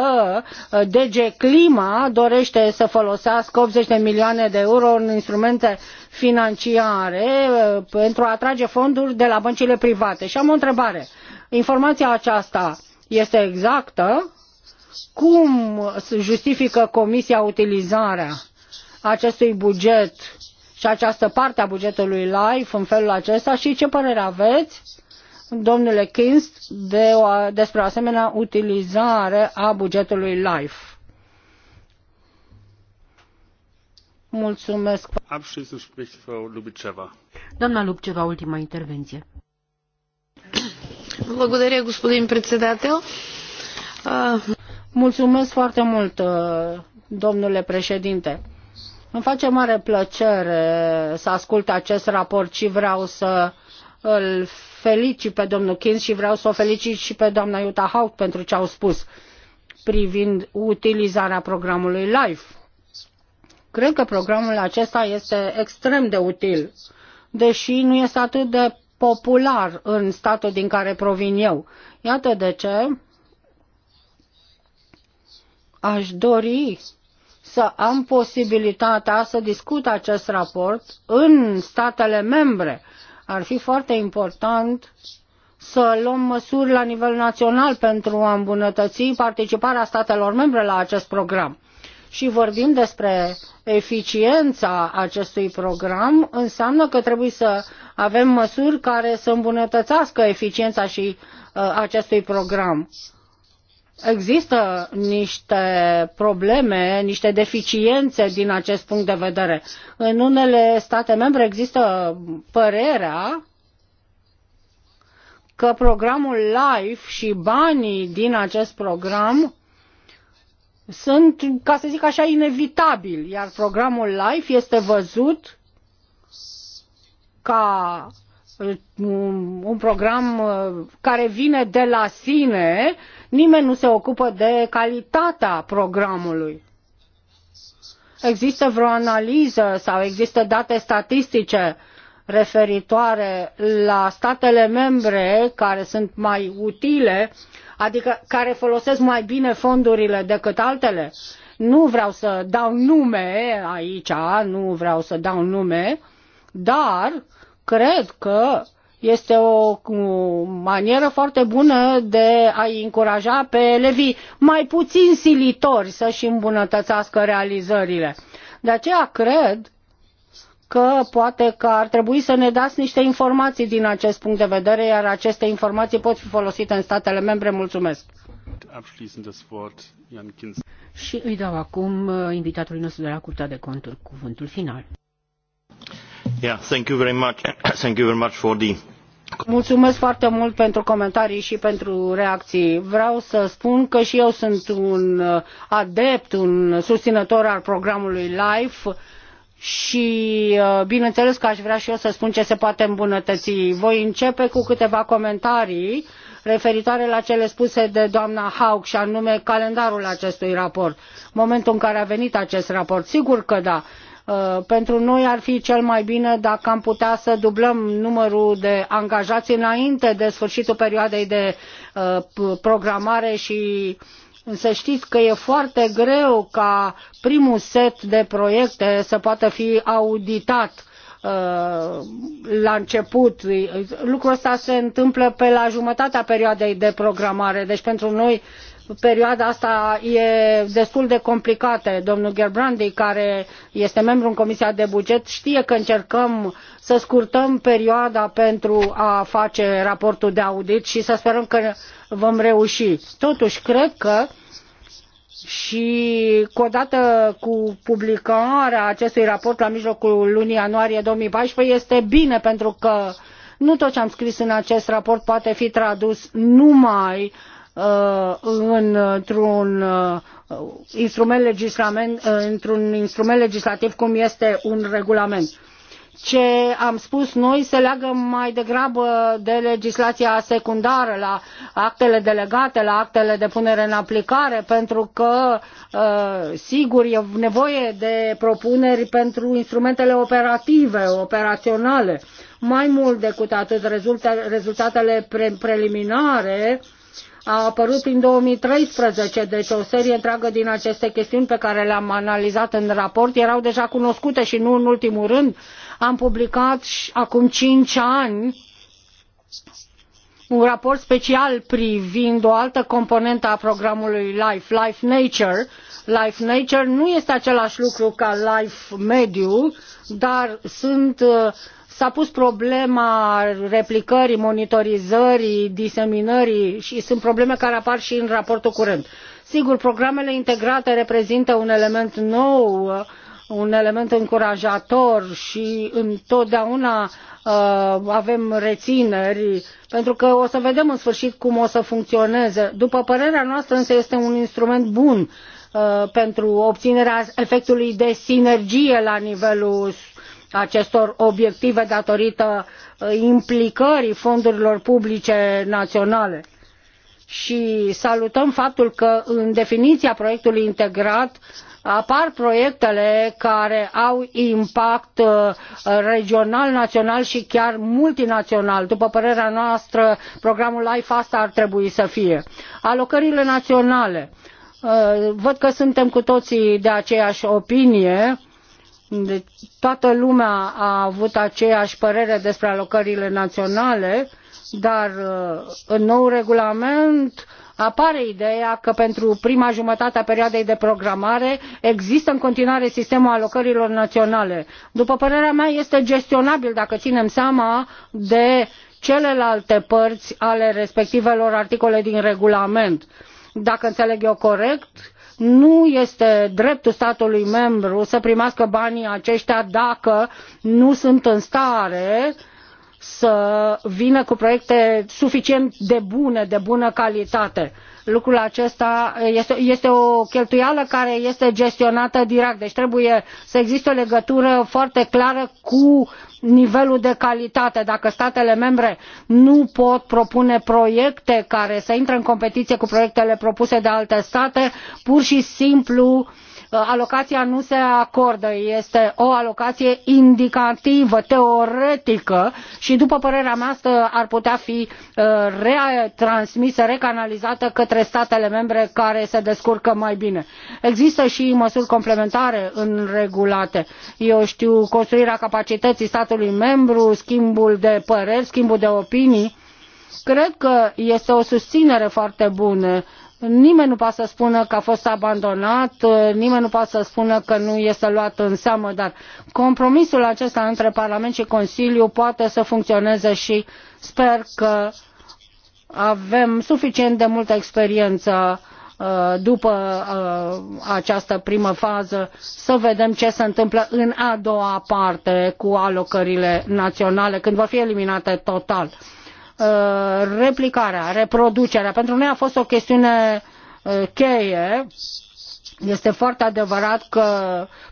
uh, DG Clima dorește să folosească 80 de milioane de euro în instrumente financiare pentru a atrage fonduri de la băncile private. Și am o întrebare. Informația aceasta este exactă? Cum justifică Comisia utilizarea acestui buget și această parte a bugetului LIFE în felul acesta și ce părere aveți, domnule Kinst, de o, despre o asemenea utilizare a bugetului LIFE? Mulțumesc. Abschließend spricht Frau Doamna Lubceva, ultima intervenție. mulțumesc, domnule președinte. Mulțumesc foarte mult, uh, domnule președinte. Îmi face mare plăcere să ascult acest raport și vreau să îl felicit pe domnul Kins și vreau să o felicit și pe doamna Iuta Haut pentru ce au spus privind utilizarea programului LIFE. Cred că programul acesta este extrem de util, deși nu este atât de popular în statul din care provin eu. Iată de ce Aș dori să am posibilitatea să discut acest raport în statele membre. Ar fi foarte important să luăm măsuri la nivel național pentru a îmbunătăți participarea statelor membre la acest program. Și vorbim despre eficiența acestui program, înseamnă că trebuie să avem măsuri care să îmbunătățească eficiența și uh, acestui program Există niște probleme, niște deficiențe din acest punct de vedere. În unele state membre există părerea că programul LIFE și banii din acest program sunt, ca să zic așa, inevitabili, iar programul LIFE este văzut ca uh, un program uh, care vine de la sine Nimeni nu se ocupă de calitatea programului. Există vreo analiză sau există date statistice referitoare la statele membre care sunt mai utile, adică care folosesc mai bine fondurile decât altele? Nu vreau să dau nume aici, nu vreau să dau nume, dar cred că este o manieră foarte bună de a-i încuraja pe elevii mai puțin silitori să-și îmbunătățească realizările. De aceea cred că poate că ar trebui să ne dați niște informații din acest punct de vedere, iar aceste informații pot fi folosite în statele membre. Mulțumesc! Și îi dau acum uh, invitatului nostru de la Curtea de Conturi cuvântul final. Yeah, thank you very much. [COUGHS] Thank you very much for the Mulțumesc foarte mult pentru comentarii și pentru reacții. Vreau să spun că și eu sunt un uh, adept, un susținător al programului LIFE și uh, bineînțeles că aș vrea și eu să spun ce se poate îmbunătăți. Voi începe cu câteva comentarii referitoare la cele spuse de doamna Haug și anume calendarul acestui raport, momentul în care a venit acest raport. Sigur că da, Uh, pentru noi ar fi cel mai bine dacă am putea să dublăm numărul de angajați înainte de sfârșitul perioadei de uh, programare și Însă uh, știți că e foarte greu ca primul set de proiecte să poată fi auditat la început. Lucrul ăsta se întâmplă pe la jumătatea perioadei de programare, deci pentru noi perioada asta e destul de complicată. Domnul Gerbrandi, care este membru în Comisia de Buget, știe că încercăm să scurtăm perioada pentru a face raportul de audit și să sperăm că vom reuși. Totuși, cred că și cu odată cu publicarea acestui raport la mijlocul lunii ianuarie 2014 este bine pentru că nu tot ce am scris în acest raport poate fi tradus numai Uh, într-un uh, instrument legislament, uh, într-un instrument legislativ cum este un regulament. Ce am spus noi se leagă mai degrabă de legislația secundară la actele delegate, la actele de punere în aplicare, pentru că, sigur, e nevoie de propuneri pentru instrumentele operative, operaționale. Mai mult decât atât, rezultatele pre preliminare uh, a apărut în 2013, deci o serie întreagă din aceste chestiuni pe care le-am analizat în raport erau deja cunoscute și nu în ultimul rând am publicat acum cinci ani un raport special privind o altă componentă a programului LIFE, LIFE Nature. LIFE Nature nu este același lucru ca LIFE Mediu, dar sunt uh, S-a pus problema replicării, monitorizării, diseminării și sunt probleme care apar și în raportul curent. Sigur, programele integrate reprezintă un element nou, un element încurajator și întotdeauna uh, avem rețineri, pentru că o să vedem în sfârșit cum o să funcționeze. După părerea noastră însă este un instrument bun uh, pentru obținerea efectului de sinergie la nivelul acestor obiective datorită uh, implicării fondurilor publice naționale și salutăm faptul că în definiția proiectului integrat apar proiectele care au impact uh, regional, național și chiar multinațional. După părerea noastră, programul LIFE asta ar trebui să fie. Alocările naționale. Uh, văd că suntem cu toții de aceeași opinie deci, toată lumea a avut aceeași părere despre alocările naționale, dar uh, în nou regulament apare ideea că pentru prima jumătate a perioadei de programare există în continuare sistemul alocărilor naționale. După părerea mea, este gestionabil dacă ținem seama de celelalte părți ale respectivelor articole din regulament. Dacă înțeleg eu corect, nu este dreptul statului membru să primească banii aceștia dacă nu sunt în stare să vină cu proiecte suficient de bune, de bună calitate Lucrul acesta este, este o cheltuială care este gestionată direct, deci trebuie să existe o legătură foarte clară cu nivelul de calitate. Dacă statele membre nu pot propune proiecte care să intre în competiție cu proiectele propuse de alte state, pur și simplu uh, alocația nu se acordă. Este o alocație indicativă, teoretică și după părerea mea asta ar putea fi uh, retransmisă, recanalizată către statele membre care se descurcă mai bine. Există și măsuri complementare în regulate. Eu știu construirea capacității statului membru, schimbul de păreri, schimbul de opinii. Cred că este o susținere foarte bună Nimeni nu poate să spună că a fost abandonat, nimeni nu poate să spună că nu este luat în seamă, dar compromisul acesta între Parlament și Consiliu poate să funcționeze și sper că avem suficient de multă experiență uh, după uh, această primă fază să vedem ce se întâmplă în a doua parte cu alocările naționale când vor fi eliminate total. Uh, replicarea, reproducerea. Pentru noi a fost o chestiune uh, cheie. Este foarte adevărat că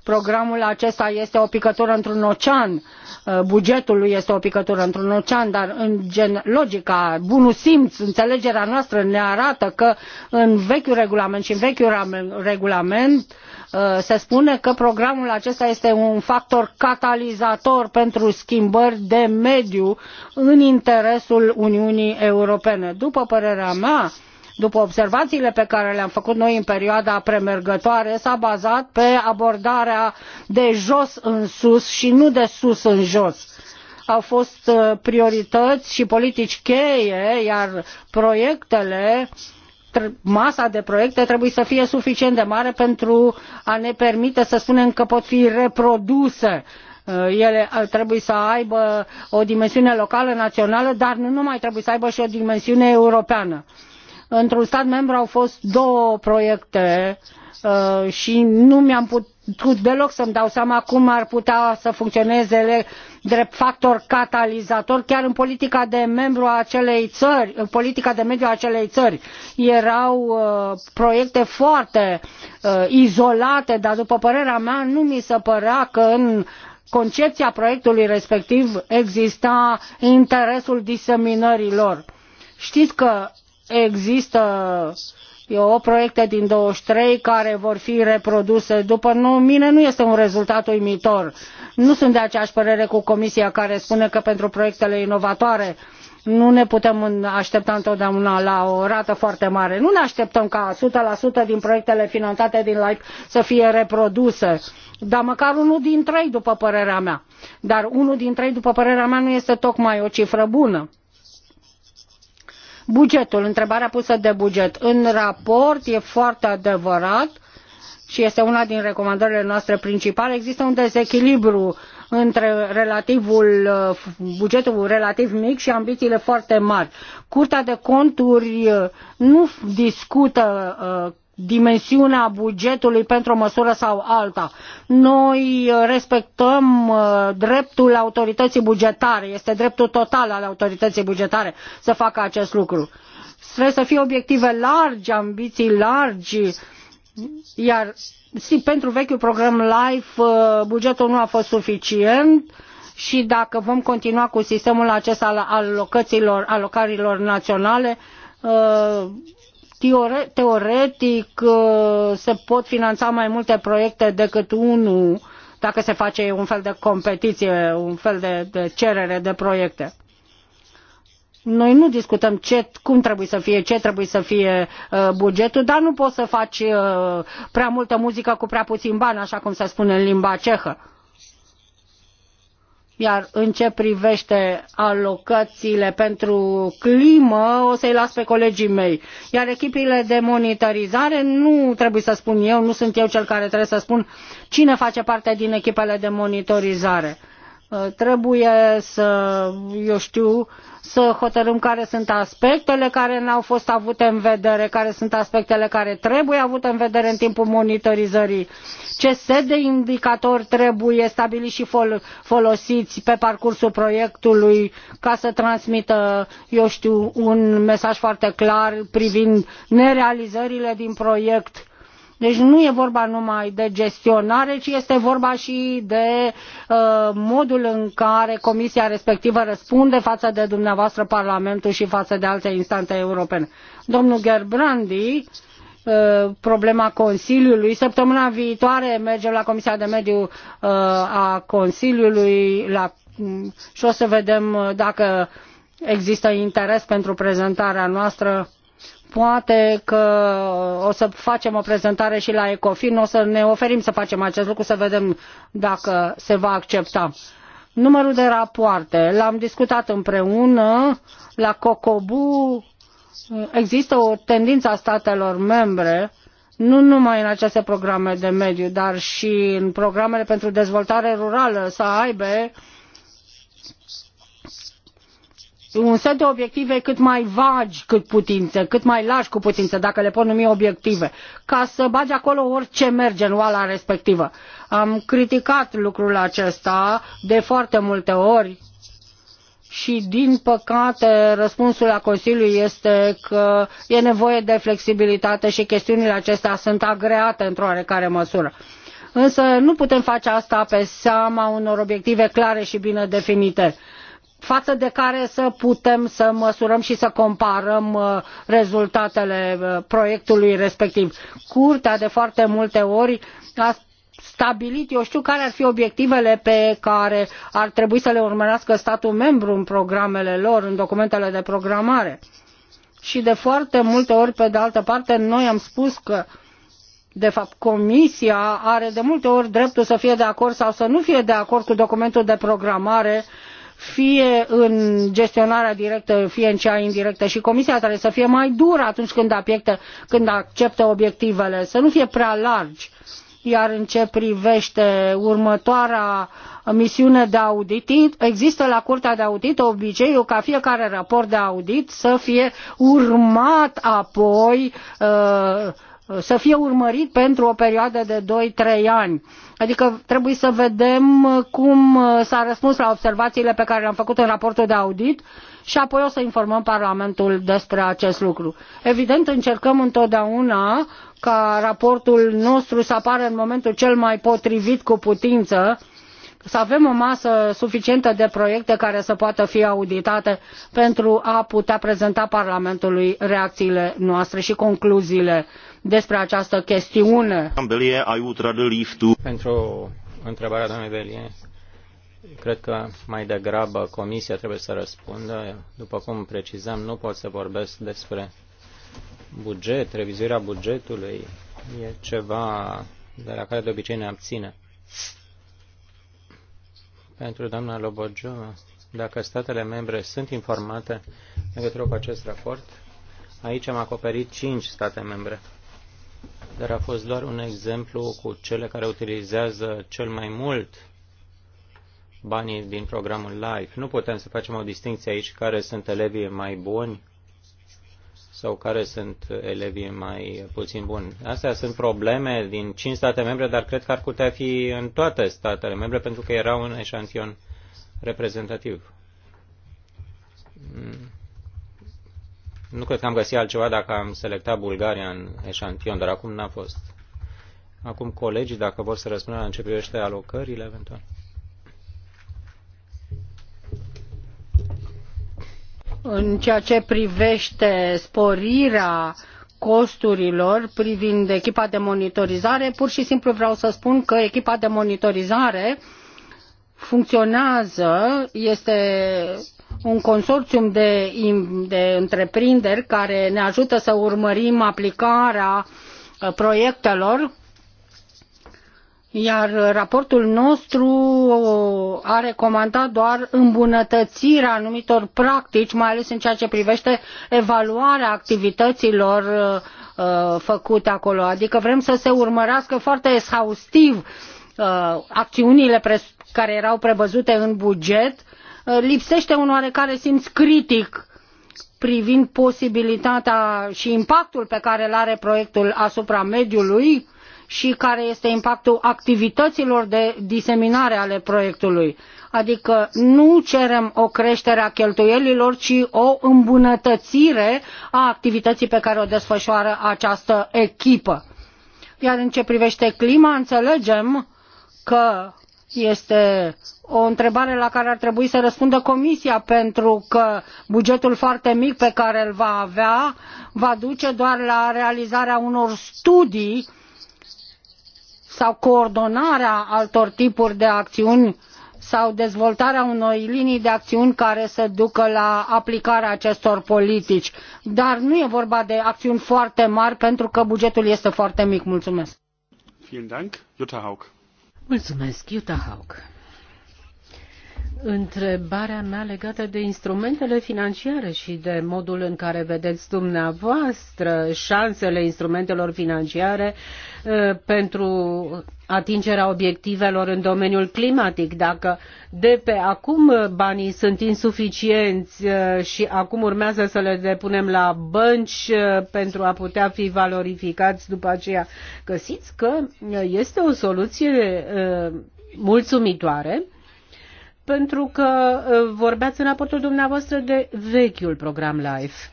programul acesta este o picătură într-un ocean, uh, bugetul lui este o picătură într-un ocean, dar în gen, logica, bunul simț, înțelegerea noastră ne arată că în vechiul regulament și în vechiul regulament Uh, se spune că programul acesta este un factor catalizator pentru schimbări de mediu în interesul Uniunii Europene. După părerea mea, după observațiile pe care le-am făcut noi în perioada premergătoare, s-a bazat pe abordarea de jos în sus și nu de sus în jos au fost uh, priorități și politici cheie, iar proiectele uh, masa de proiecte trebuie să fie suficient de mare pentru a ne permite să spunem că pot fi reproduse uh, ele uh, trebuie să aibă o dimensiune locală, națională, dar nu numai, trebuie să aibă și o dimensiune europeană. Într-un stat membru au fost două proiecte uh, și nu mi-am putut deloc să-mi dau seama cum ar putea să funcționeze drept factor catalizator chiar în politica de membru a acelei țări, în politica de mediu a acelei țări. Erau uh, proiecte foarte uh, izolate, dar după părerea mea nu mi se părea că în concepția proiectului respectiv exista interesul diseminării lor. Știți că există uh, o proiecte din 23 care vor fi reproduse după nu, mine nu este un rezultat uimitor. Nu sunt de aceeași părere cu Comisia care spune că pentru proiectele inovatoare nu ne putem aștepta întotdeauna la o rată foarte mare. Nu ne așteptăm ca 100% din proiectele finanțate din LIFE să fie reproduse, dar măcar unul din trei, după părerea mea. Dar unul din trei, după părerea mea, nu este tocmai o cifră bună Bugetul, întrebarea pusă de buget. În raport e foarte adevărat și este una din recomandările noastre principale, există un dezechilibru între relativul, uh, bugetul relativ mic și ambițiile foarte mari. Curtea de conturi uh, nu discută uh, dimensiunea bugetului pentru o măsură sau alta. Noi respectăm uh, dreptul autorității bugetare, este dreptul total al autorității bugetare să facă acest lucru. Trebuie să fie obiective largi, ambiții largi, iar si, pentru vechiul program LIFE uh, bugetul nu a fost suficient și dacă vom continua cu sistemul acesta al alocărilor naționale, uh, Teoretic uh, se pot finanța mai multe proiecte decât unul dacă se face un fel de competiție, un fel de, de cerere de proiecte. Noi nu discutăm ce, cum trebuie să fie, ce trebuie să fie uh, bugetul, dar nu poți să faci uh, prea multă muzică cu prea puțin bani, așa cum se spune în limba cehă iar în ce privește alocațiile pentru climă, o să-i las pe colegii mei. Iar echipele de monitorizare, nu trebuie să spun eu, nu sunt eu cel care trebuie să spun cine face parte din echipele de monitorizare Trebuie să, eu știu, să hotărâm care sunt aspectele care n-au fost avute în vedere, care sunt aspectele care trebuie avute în vedere în timpul monitorizării, ce set de indicatori trebuie stabiliți și fol- folosiți pe parcursul proiectului ca să transmită, eu știu, un mesaj foarte clar privind nerealizările din proiect deci nu e vorba numai de gestionare, ci este vorba și de uh, modul în care comisia respectivă răspunde față de dumneavoastră Parlamentul și față de alte instante europene. Domnul Gerbrandi, uh, problema Consiliului. Săptămâna viitoare mergem la Comisia de Mediu uh, a Consiliului la, mm, și o să vedem dacă există interes pentru prezentarea noastră Poate că o să facem o prezentare și la Ecofin, o să ne oferim să facem acest lucru, să vedem dacă se va accepta. Numărul de rapoarte, l-am discutat împreună la Cocobu, există o tendință a statelor membre nu numai în aceste programe de mediu, dar și în programele pentru dezvoltare rurală, să aibă un set de obiective cât mai vagi cât putință, cât mai lași cu putință, dacă le pot numi obiective, ca să bagi acolo orice merge în oala respectivă. Am criticat lucrul acesta de foarte multe ori și, din păcate, răspunsul la Consiliu este că e nevoie de flexibilitate și chestiunile acestea sunt agreate într-o oarecare măsură însă nu putem face asta pe seama unor obiective clare și bine definite față de care să putem să măsurăm și să comparăm uh, rezultatele uh, proiectului respectiv. Curtea de foarte multe ori a stabilit, eu știu care ar fi obiectivele pe care ar trebui să le urmărească statul membru în programele lor, în documentele de programare. Și de foarte multe ori, pe de altă parte, noi am spus că de fapt, Comisia are de multe ori dreptul să fie de acord sau să nu fie de acord cu documentul de programare uh, fie în gestionarea directă, fie în cea indirectă și comisia trebuie să fie mai dură atunci când, când acceptă obiectivele, să nu fie prea largi. Iar în ce privește următoarea misiune de audit, există la Curtea de Audit obiceiul ca fiecare raport de audit să fie urmat apoi uh, să fie urmărit pentru o perioadă de 2-3 ani. Adică trebuie să vedem cum s-a răspuns la observațiile pe care le-am făcut în raportul de audit și apoi o să informăm Parlamentul despre acest lucru. Evident, încercăm întotdeauna ca raportul nostru să apară în momentul cel mai potrivit cu putință, să avem o masă suficientă de proiecte care să poată fi auditate pentru a putea prezenta Parlamentului reacțiile noastre și concluziile despre această chestiune. Pentru întrebarea doamnei Belie, cred că mai degrabă Comisia trebuie să răspundă. După cum precizam, nu pot să vorbesc despre buget, revizuirea bugetului e ceva de la care de obicei ne abține. Pentru doamna Lobogiu, dacă statele membre sunt informate în legătură cu acest raport, aici am acoperit cinci state membre dar a fost doar un exemplu cu cele care utilizează cel mai mult banii din programul LIFE. Nu putem să facem o distinție aici care sunt elevii mai buni sau care sunt elevii mai puțin buni. Astea sunt probleme din 5 state membre, dar cred că ar putea fi în toate statele membre pentru că era un eșantion reprezentativ. Nu cred că am găsit altceva dacă am selectat Bulgaria în eșantion, dar acum n-a fost. Acum colegii, dacă vor să răspundă în ce privește alocările, eventual. În ceea ce privește sporirea costurilor privind echipa de monitorizare, pur și simplu vreau să spun că echipa de monitorizare funcționează, este un consorțium de, de întreprinderi care ne ajută să urmărim aplicarea uh, proiectelor iar raportul nostru uh, a recomandat doar îmbunătățirea anumitor practici, mai ales în ceea ce privește evaluarea activităților uh, făcute acolo. Adică vrem să se urmărească foarte exhaustiv acțiunile care erau prevăzute în buget lipsește un oarecare simț critic privind posibilitatea și impactul pe care îl are proiectul asupra mediului și care este impactul activităților de diseminare ale proiectului. Adică nu cerem o creștere a cheltuielilor, ci o îmbunătățire a activității pe care o desfășoară această echipă. Iar în ce privește clima, înțelegem că este o întrebare la care ar trebui să răspundă Comisia, pentru că bugetul foarte mic pe care îl va avea va duce doar la realizarea unor studii sau coordonarea altor tipuri de acțiuni sau dezvoltarea unei linii de acțiuni care să ducă la aplicarea acestor politici. Dar nu e vorba de acțiuni foarte mari pentru că bugetul este foarte mic. Mulțumesc. Vielen Dank, Jutta Haug. Mulțumesc, Jutta Haug. Întrebarea mea legată de instrumentele financiare și de modul în care vedeți dumneavoastră șansele instrumentelor financiare uh, pentru atingerea obiectivelor în domeniul climatic. Dacă de pe acum banii sunt insuficienți uh, și acum urmează să le depunem la bănci uh, pentru a putea fi valorificați după aceea, găsiți că este o soluție mulțumitoare pentru că uh, vorbeați în raportul dumneavoastră de vechiul program LIFE,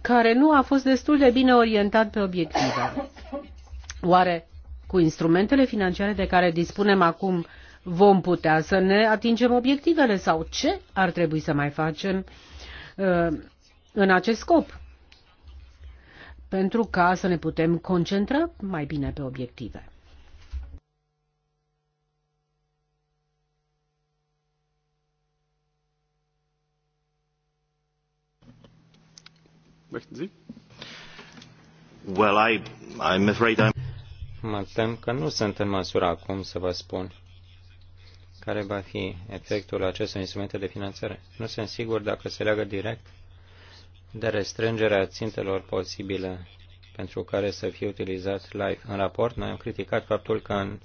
care nu a fost destul de bine orientat pe obiective. Oare cu instrumentele financiare de care dispunem acum vom putea să ne atingem obiectivele sau ce ar trebui să mai facem uh, în acest scop? Pentru ca să ne putem concentra mai bine pe obiective. Möchten Sie? Well, I, I'm afraid I'm... Mă tem că nu sunt în măsură acum să vă spun care va fi efectul acestor instrumente de finanțare. Nu sunt sigur dacă se leagă direct de restrângerea țintelor posibile pentru care să fie utilizat live. În raport, noi am criticat faptul că în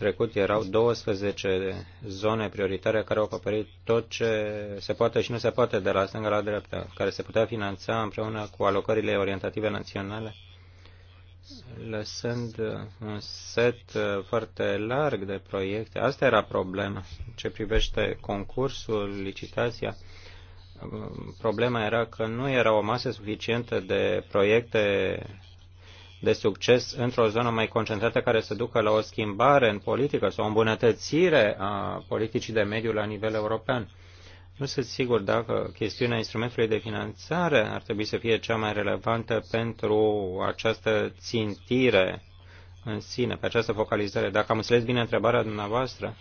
trecut erau 12 zone prioritare care au acoperit tot ce se poate și nu se poate de la stânga la dreapta, care se putea finanța împreună cu alocările orientative naționale, lăsând un set foarte larg de proiecte. Asta era problema. Ce privește concursul, licitația, problema era că nu era o masă suficientă de proiecte de succes într-o zonă mai concentrată care să ducă la o schimbare în politică sau o îmbunătățire a politicii de mediu la nivel european. Nu sunt sigur dacă chestiunea instrumentului de finanțare ar trebui să fie cea mai relevantă pentru această țintire în sine, pe această focalizare. Dacă am înțeles bine întrebarea dumneavoastră,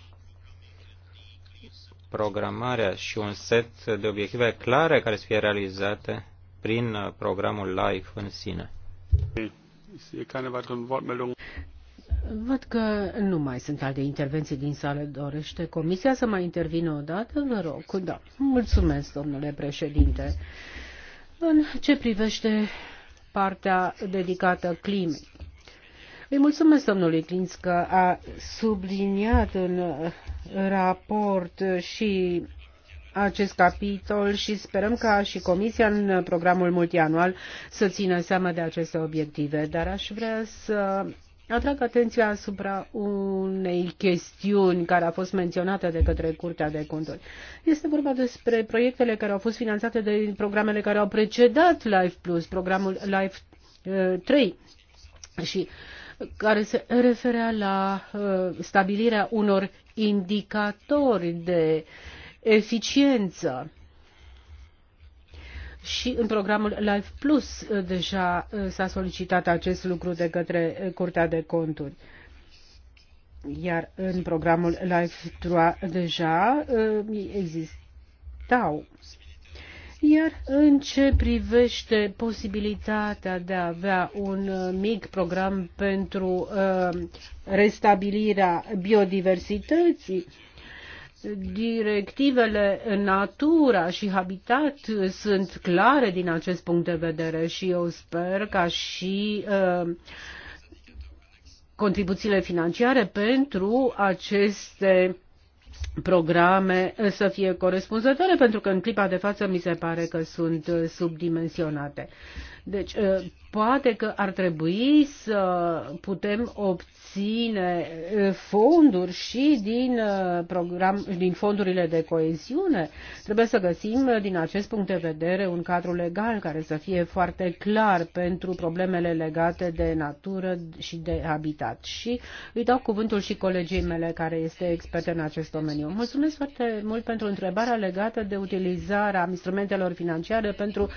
programarea și un set de obiective clare care să fie realizate prin programul LIFE în sine. Văd că nu mai sunt alte intervenții din sală. Dorește Comisia să mai intervină o dată? Vă rog. Da. Mulțumesc, domnule președinte. În ce privește partea dedicată climei, îi mulțumesc domnului Clins, că a subliniat în raport și acest capitol și sperăm ca și Comisia în programul multianual să țină seama de aceste obiective. Dar aș vrea să atrag atenția asupra unei chestiuni care a fost menționată de către Curtea de Conturi. Este vorba despre proiectele care au fost finanțate de programele care au precedat Life Plus, programul Life 3 uh, și care se referea la uh, stabilirea unor indicatori de uh, eficiență. Și în programul Life Plus uh, deja uh, s-a solicitat acest lucru de către uh, Curtea de Conturi. Iar în programul Life 3 deja existau iar în ce privește posibilitatea de a avea un mic program pentru restabilirea biodiversității, directivele natura și habitat sunt clare din acest punct de vedere și eu sper ca și uh, contribuțiile financiare pentru aceste programe să fie corespunzătoare, pentru că în clipa de față mi se pare că sunt uh, subdimensionate. Deci, uh, poate că ar trebui să putem obține uh, fonduri și din, uh, program, din fondurile de coeziune. Trebuie să găsim, din acest punct de vedere, un cadru legal care să fie foarte clar pentru problemele legate de natură și de habitat. Și îi dau cuvântul și colegii mele care este expertă în acest domeniu. Mulțumesc foarte mult pentru întrebarea legată de utilizarea instrumentelor financiare pentru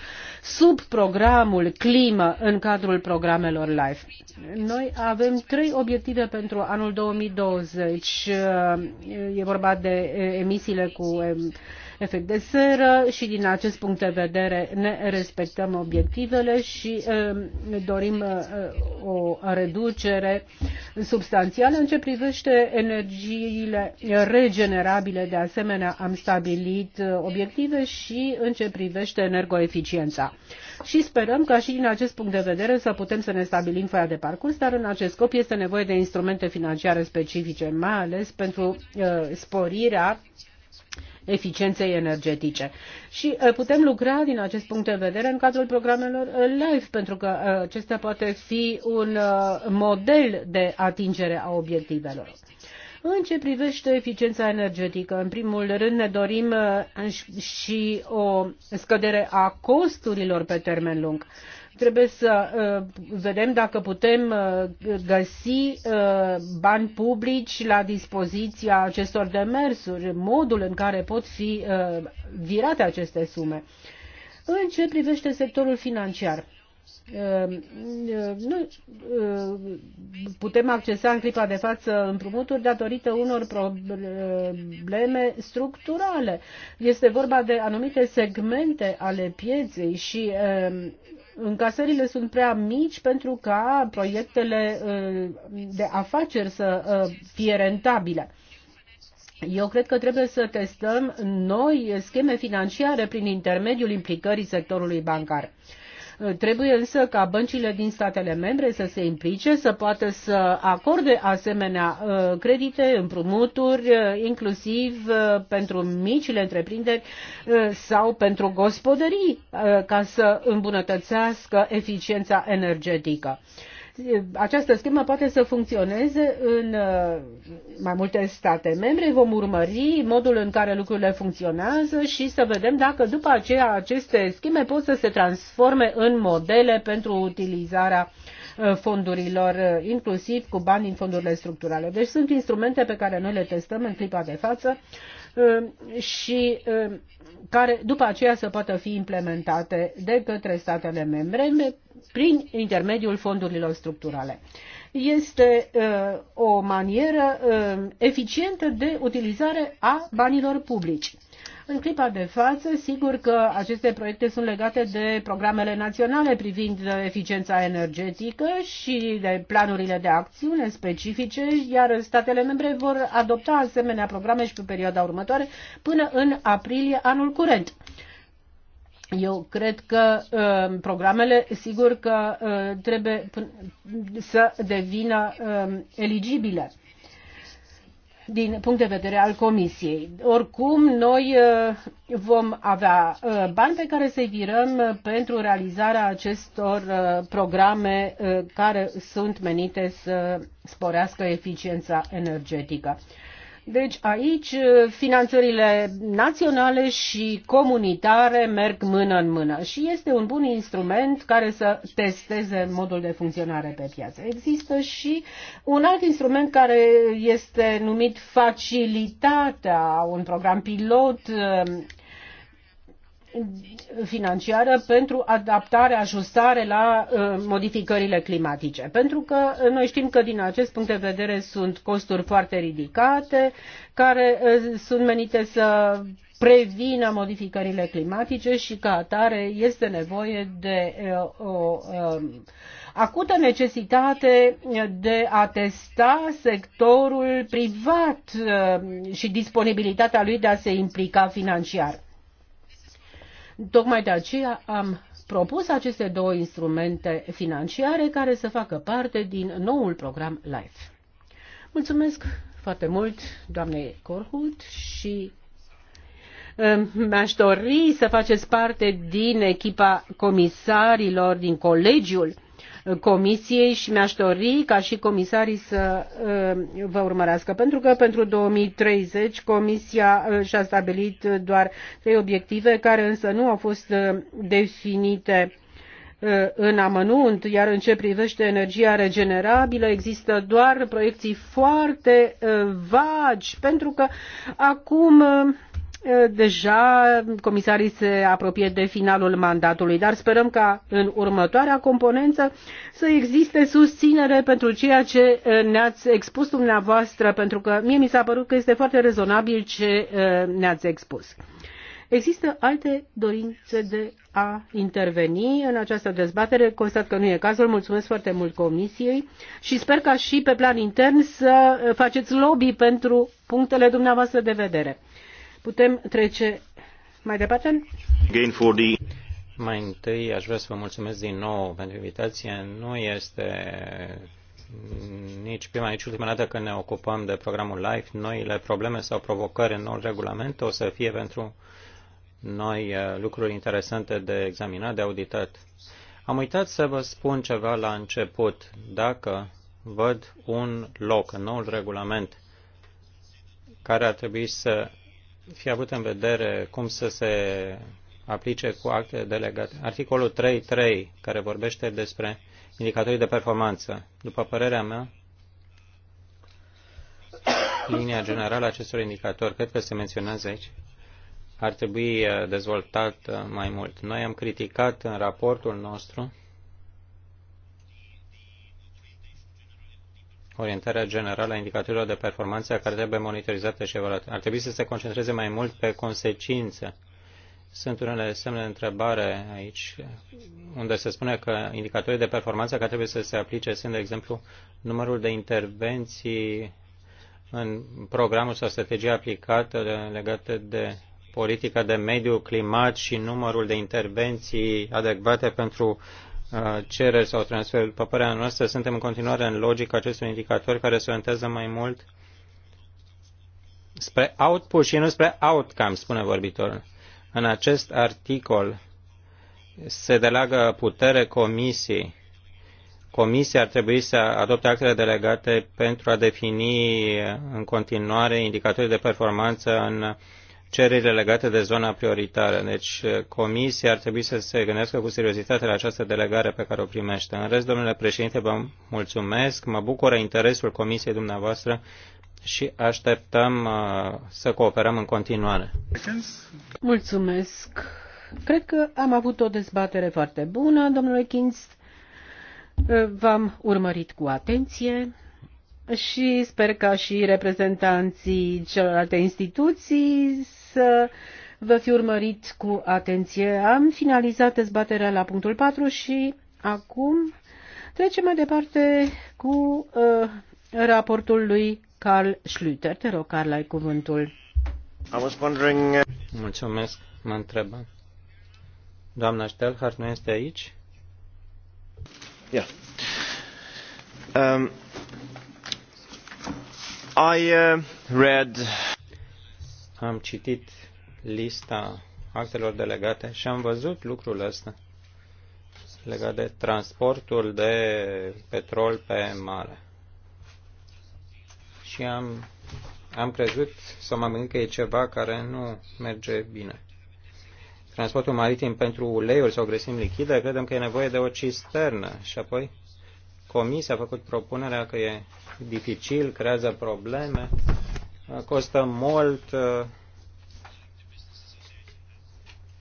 subprogram programul climă în cadrul programelor LIFE. Noi avem trei obiective pentru anul 2020. E vorba de emisiile cu efect de seră și din acest punct de vedere ne respectăm obiectivele și um, ne dorim uh, uh, o reducere substanțială în ce privește energiile regenerabile. De asemenea, am stabilit uh, obiective și în ce privește energoeficiența. Și sperăm ca și din acest punct de vedere să putem să ne stabilim foaia de parcurs, dar în acest scop este nevoie de instrumente financiare specifice, mai ales pentru uh, sporirea eficienței energetice. Și uh, putem lucra din acest punct de vedere în cadrul programelor uh, LIFE, pentru că uh, acesta poate fi un model de atingere a obiectivelor. În ce privește eficiența energetică, în primul rând ne dorim și o scădere a costurilor pe termen lung. Trebuie să uh, vedem dacă putem uh, găsi uh, bani publici la dispoziția acestor demersuri, modul în care pot fi virate aceste sume. În ce privește sectorul financiar, nu putem accesa în clipa de față împrumuturi datorită unor probleme structurale. Este vorba de anumite segmente ale pieței și încasările sunt prea mici pentru ca proiectele uh, de afaceri să uh, fie rentabile. Eu cred că trebuie să testăm noi scheme financiare prin intermediul implicării sectorului bancar. Trebuie însă ca băncile din statele membre să se implice, să poată să acorde asemenea uh, credite, împrumuturi, uh, inclusiv uh, pentru micile întreprinderi sau pentru gospodării, ca să îmbunătățească eficiența energetică această schemă poate să funcționeze în uh, mai multe state membre. Vom urmări modul în care lucrurile funcționează și să vedem dacă după aceea aceste scheme pot să se transforme în modele pentru utilizarea uh, fondurilor, uh, inclusiv cu bani din fondurile structurale. Deci sunt instrumente pe care noi le testăm în clipa de față și care după aceea să poată fi implementate de către statele membre prin intermediul fondurilor structurale. Este uh, o manieră uh, eficientă de utilizare a banilor publici. În clipa de față, sigur că aceste proiecte sunt legate de programele naționale privind eficiența energetică și de planurile de acțiune specifice, iar statele membre vor adopta asemenea programe și pe perioada următoare până în aprilie anul curent. Eu cred că uh, programele, sigur că uh, trebuie să devină uh, eligibile din punct de vedere al Comisiei. Oricum, noi uh, vom avea uh, bani pe care să-i virăm uh, pentru realizarea acestor programe care sunt menite să sporească eficiența energetică. Deci aici uh, finanțările naționale și comunitare merg mână în mână și este un bun instrument care să testeze modul de funcționare pe piață. Există și un alt instrument care este numit facilitatea, un program pilot um, financiară pentru adaptare, ajustare la uh, modificările climatice. Pentru că noi știm că din acest punct de vedere sunt costuri foarte ridicate care uh, sunt menite să prevină modificările climatice și ca atare este nevoie de uh, o um, acută necesitate de a testa sectorul privat și disponibilitatea lui de a se implica financiar. Tocmai de aceea am propus aceste două instrumente financiare care să facă parte din noul program LIFE. Mulțumesc foarte mult, doamne Corhut, și um, mi-aș dori să faceți parte din echipa comisarilor, din colegiul Comisiei și mi-aș dori ca și comisarii să uh, vă urmărească, pentru că pentru 2030 Comisia uh, și-a stabilit doar trei obiective care însă nu au fost uh, definite în amănunt, iar în ce privește energia regenerabilă există doar proiecții foarte vagi, pentru că acum Eh, deja comisarii se apropie de finalul mandatului, dar sperăm ca în următoarea componență să existe susținere pentru ceea ce eh, ne-ați expus dumneavoastră, pentru că mie mi s-a părut că este foarte rezonabil ce eh, ne-ați expus. Există alte dorințe de a interveni în această dezbatere. Constat că nu e cazul. Mulțumesc foarte mult Comisiei și sper ca și pe plan intern să faceți lobby pentru punctele dumneavoastră de vedere. Putem trece mai departe? Mai întâi aș vrea să vă mulțumesc din nou pentru invitație. Nu este nici prima, nici ultima dată când ne ocupăm de programul LIFE. Noile probleme sau provocări în noul regulament o să fie pentru noi uh, lucruri interesante de examinat, de auditat. Am uitat să vă spun ceva la început. Dacă văd un loc în noul regulament care ar trebui să fi avut în vedere cum să se aplice cu acte delegate. Articolul 3.3, care vorbește despre indicatorii de performanță. După părerea mea, linia generală a acestor indicatori, cred că se menționează aici, ar trebui eh, dezvoltat mai mult. Noi am criticat în raportul nostru orientarea generală a indicatorilor de performanță care trebuie monitorizate și evaluate. Ar trebui să se concentreze mai mult pe consecințe. Sunt unele semne de întrebare aici, unde se spune că indicatorii de performanță care trebuie să se aplice sunt, de exemplu, numărul de intervenții în programul sau strategia aplicată legată de politica de mediu, climat și numărul de intervenții adecvate pentru Uh, cereri sau transferuri. După părerea noastră, suntem în continuare în logica acestui indicator care se orientează mai mult spre output și nu spre outcome, spune vorbitorul. În acest articol se delegă putere comisiei. Comisia ar trebui să adopte actele delegate pentru a defini în continuare indicatorii de performanță în cererile legate de zona prioritară. Deci eh, comisia ar trebui să se gândească cu seriozitate la această delegare pe care o primește. În rest, domnule președinte, vă mulțumesc. Mă bucură interesul comisiei dumneavoastră și așteptăm eh, să cooperăm în continuare. Mulțumesc. Cred că am avut o dezbatere foarte bună, domnule Kinst. Eh, v-am urmărit cu atenție și sper ca și reprezentanții celorlalte instituții să vă fi urmărit cu atenție. Am finalizat dezbaterea la punctul 4 și acum trecem mai departe cu uh, raportul lui Carl Schlüter. Te rog, Carl, ai cuvântul. I was wondering... Uh, Mulțumesc, mă întrebă. Doamna Stelhart nu este aici? Yeah. Um, I uh, read am citit lista actelor delegate și am văzut lucrul ăsta legat de transportul de petrol pe mare. Și am, am crezut să mă gândit că e ceva care nu merge bine. Transportul maritim pentru uleiuri sau grăsimi lichide, credem că e nevoie de o cisternă și apoi Comisia a făcut propunerea că e dificil, creează probleme, costă mult. Uh,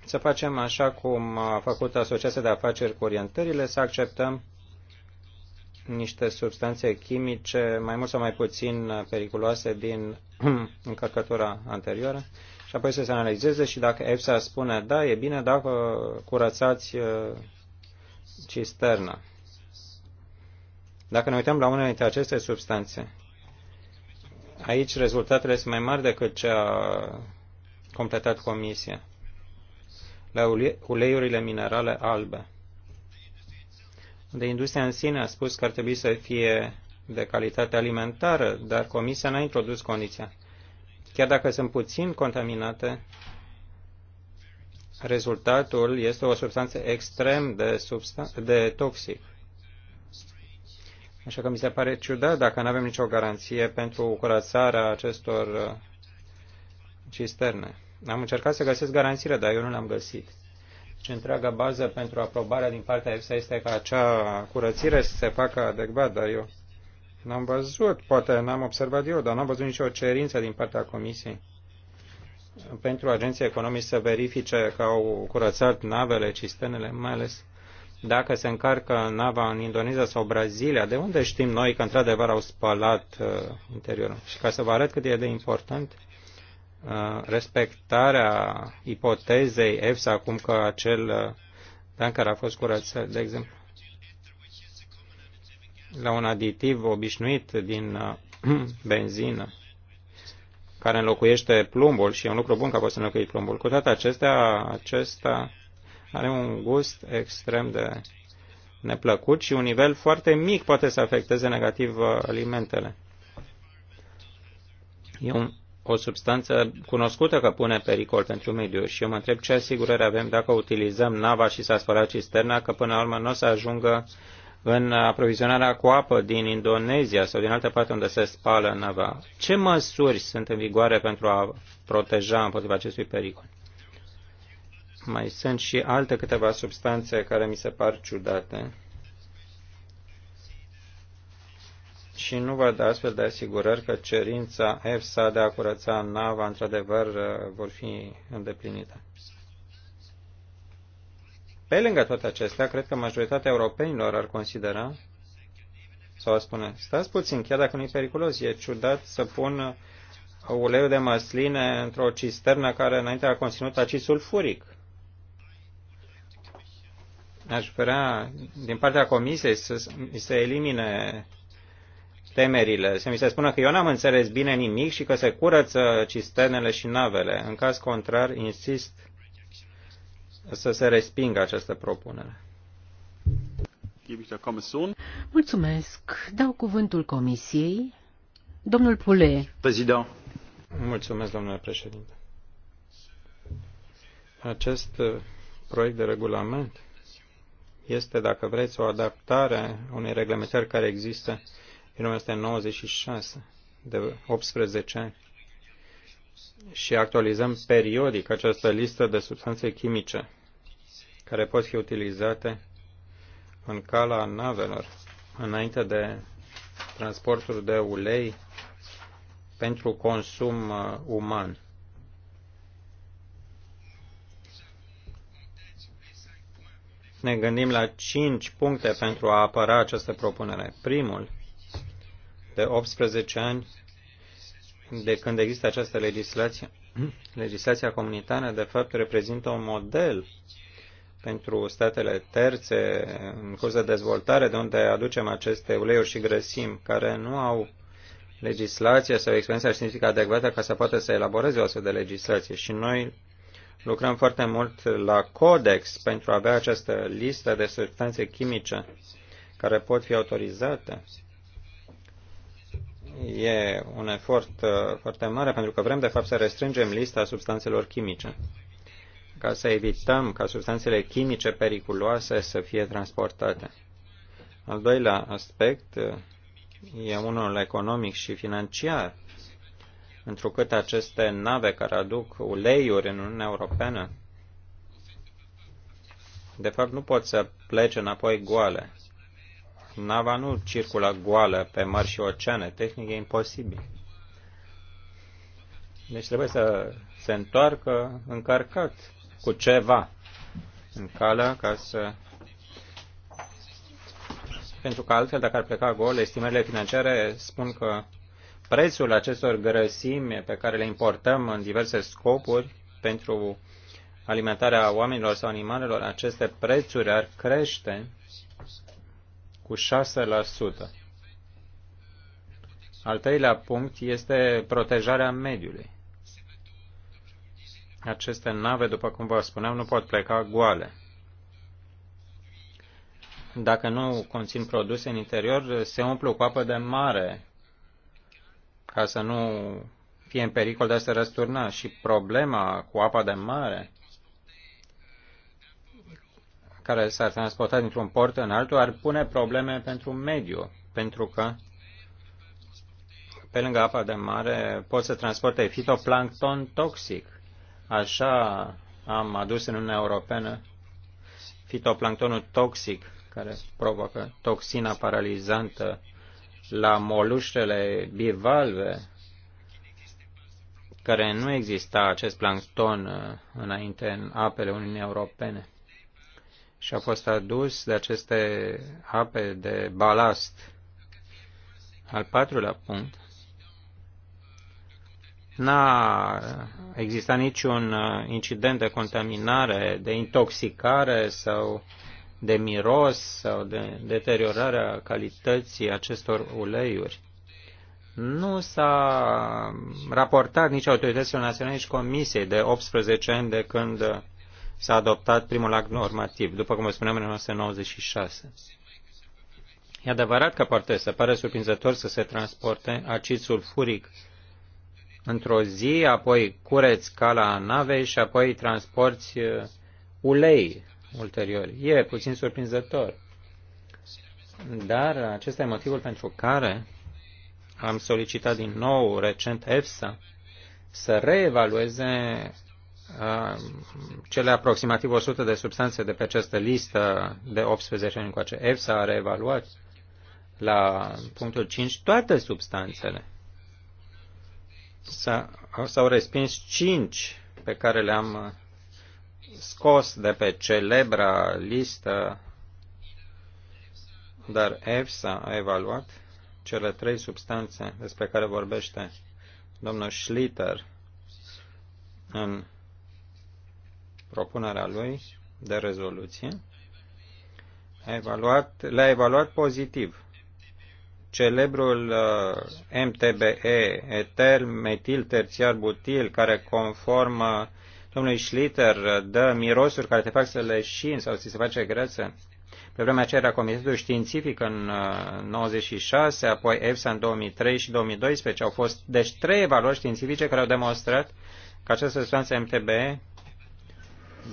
să facem așa cum a făcut Asociația de Afaceri cu Orientările, să acceptăm niște substanțe chimice mai mult sau mai puțin periculoase din [CLEARS THROAT] încărcătura anterioară și apoi să se analizeze și dacă EFSA spune da, e bine dacă uh, curățați uh, cisterna. Dacă ne uităm la unele dintre aceste substanțe, aici rezultatele sunt mai mari decât ce a completat Comisia. La uleiurile minerale albe, unde industria în sine a spus că ar trebui să fie de calitate alimentară, dar Comisia n-a introdus condiția. Chiar dacă sunt puțin contaminate, rezultatul este o substanță extrem de, de toxic. Așa că mi se pare ciudat dacă nu avem nicio garanție pentru curățarea acestor uh, cisterne. Am încercat să găsesc garanțiile, dar eu nu le-am găsit. Deci întreaga bază pentru aprobarea din partea EFSA este ca acea curățire să se facă adecvat, dar eu n-am văzut, poate n-am observat eu, dar n-am văzut nicio cerință din partea Comisiei pentru agenții economici să verifice că au curățat navele, cisternele, mai ales dacă se încarcă nava în Indonezia sau Brazilia, de unde știm noi că într-adevăr au spălat uh, interiorul? Și ca să vă arăt cât e de important, uh, respectarea ipotezei EFSA acum că acel uh, care a fost curățat, de exemplu, la un aditiv obișnuit din uh, [CLEARS THROAT] benzină, care înlocuiește plumbul și e un lucru bun că a fost înlocuit plumbul. Cu toate acestea, acesta are un gust extrem de neplăcut și un nivel foarte mic poate să afecteze negativ uh, alimentele. E un, o substanță cunoscută că pune pericol pentru mediu și eu mă întreb ce asigurări avem dacă utilizăm nava și spălat cisterna că până la urmă nu o să ajungă în aprovizionarea cu apă din Indonezia sau din alte parte unde se spală nava. Ce măsuri sunt în vigoare pentru a proteja împotriva acestui pericol? Mai sunt și alte câteva substanțe care mi se par ciudate și nu văd astfel de asigurări că cerința EFSA de a curăța nava într-adevăr vor fi îndeplinite. Pe lângă toate acestea, cred că majoritatea europenilor ar considera sau ar spune, stați puțin, chiar dacă nu e periculos, e ciudat să pun uleiul de măsline într-o cisternă care înainte a conținut acid sulfuric. Aș vrea din partea comisiei să se elimine temerile, să mi se spună că eu n-am înțeles bine nimic și că se curăță cisternele și navele. În caz contrar, insist să se respingă această propunere. Mulțumesc. Dau cuvântul Comisiei. Domnul Pule. Prezident. Mulțumesc, domnule președinte. Acest proiect de regulament este, dacă vreți, o adaptare unei reglementări care există în 1996, de 18 ani. Și actualizăm periodic această listă de substanțe chimice care pot fi utilizate în cala navelor înainte de transportul de ulei pentru consum uh, uman. ne gândim la cinci puncte pentru a apăra această propunere. Primul, de 18 ani de când există această legislație, [CLEARS THROAT] legislația comunitară de fapt reprezintă un model pentru statele terțe în curs de dezvoltare, de unde aducem aceste uleiuri și grăsimi, care nu au legislație sau experiența științifică adecvată ca să poată să elaboreze o astfel de legislație. Și noi Lucrăm foarte mult la codex pentru a avea această listă de substanțe chimice care pot fi autorizate. E un efort uh, foarte mare pentru că vrem de fapt să restrângem lista substanțelor chimice ca să evităm ca substanțele chimice periculoase să fie transportate. Al doilea aspect uh, e unul economic și financiar întrucât aceste nave care aduc uleiuri în Uniunea Europeană, de fapt nu pot să plece înapoi goale. Nava nu circulă goală pe mări și oceane, tehnic e imposibil. Deci trebuie să se întoarcă încărcat cu ceva în calea ca să pentru că altfel, dacă ar pleca gol, estimările financiare spun că prețul acestor grăsimi pe care le importăm în diverse scopuri pentru alimentarea oamenilor sau animalelor, aceste prețuri ar crește cu 6%. Al treilea punct este protejarea mediului. Aceste nave, după cum vă spuneam, nu pot pleca goale. Dacă nu conțin produse în interior, se umplu cu apă de mare ca să nu fie în pericol de a se răsturna. Și problema cu apa de mare, care s-ar transporta dintr-un port în altul, ar pune probleme pentru mediu, pentru că pe lângă apa de mare pot să transporte fitoplancton toxic. Așa am adus în Uniunea Europeană fitoplanctonul toxic care provoacă toxina paralizantă la moluștele bivalve, care nu exista acest plancton uh, înainte în apele Uniunii Europene și a fost adus de aceste ape de balast. Al patrulea punct, n-a existat niciun uh, incident de contaminare, de intoxicare sau de miros sau de deteriorarea calității acestor uleiuri. Nu s-a raportat nici autorităților naționale, nici comisiei de 18 ani de când s-a adoptat primul act normativ, după cum vă spuneam în 1996. E adevărat că poate să pare surprinzător să se transporte acid sulfuric într-o zi, apoi cureți cala navei și apoi transporti uh, ulei ulterior. E puțin surprinzător. Dar acesta e motivul pentru care am solicitat din nou recent EFSA să reevalueze uh, cele aproximativ 100 de substanțe de pe această listă de 18 ani încoace. EFSA a reevaluat la punctul 5 toate substanțele. S-au respins 5 pe care le-am scos de pe celebra listă, dar EFSA a evaluat cele trei substanțe despre care vorbește domnul Schlitter în propunerea lui de rezoluție, a evaluat, le-a evaluat pozitiv. Celebrul uh, MTBE, etel metil terțiar butil, care conform domnului Schlitter dă mirosuri care te fac să le leșin sau ți se face greță. Pe vremea aceea era Comitetul Științific în 96, uh, apoi EFSA în 2003 și 2012. Au fost deci trei evaluări științifice care au demonstrat că această substanță Mtb,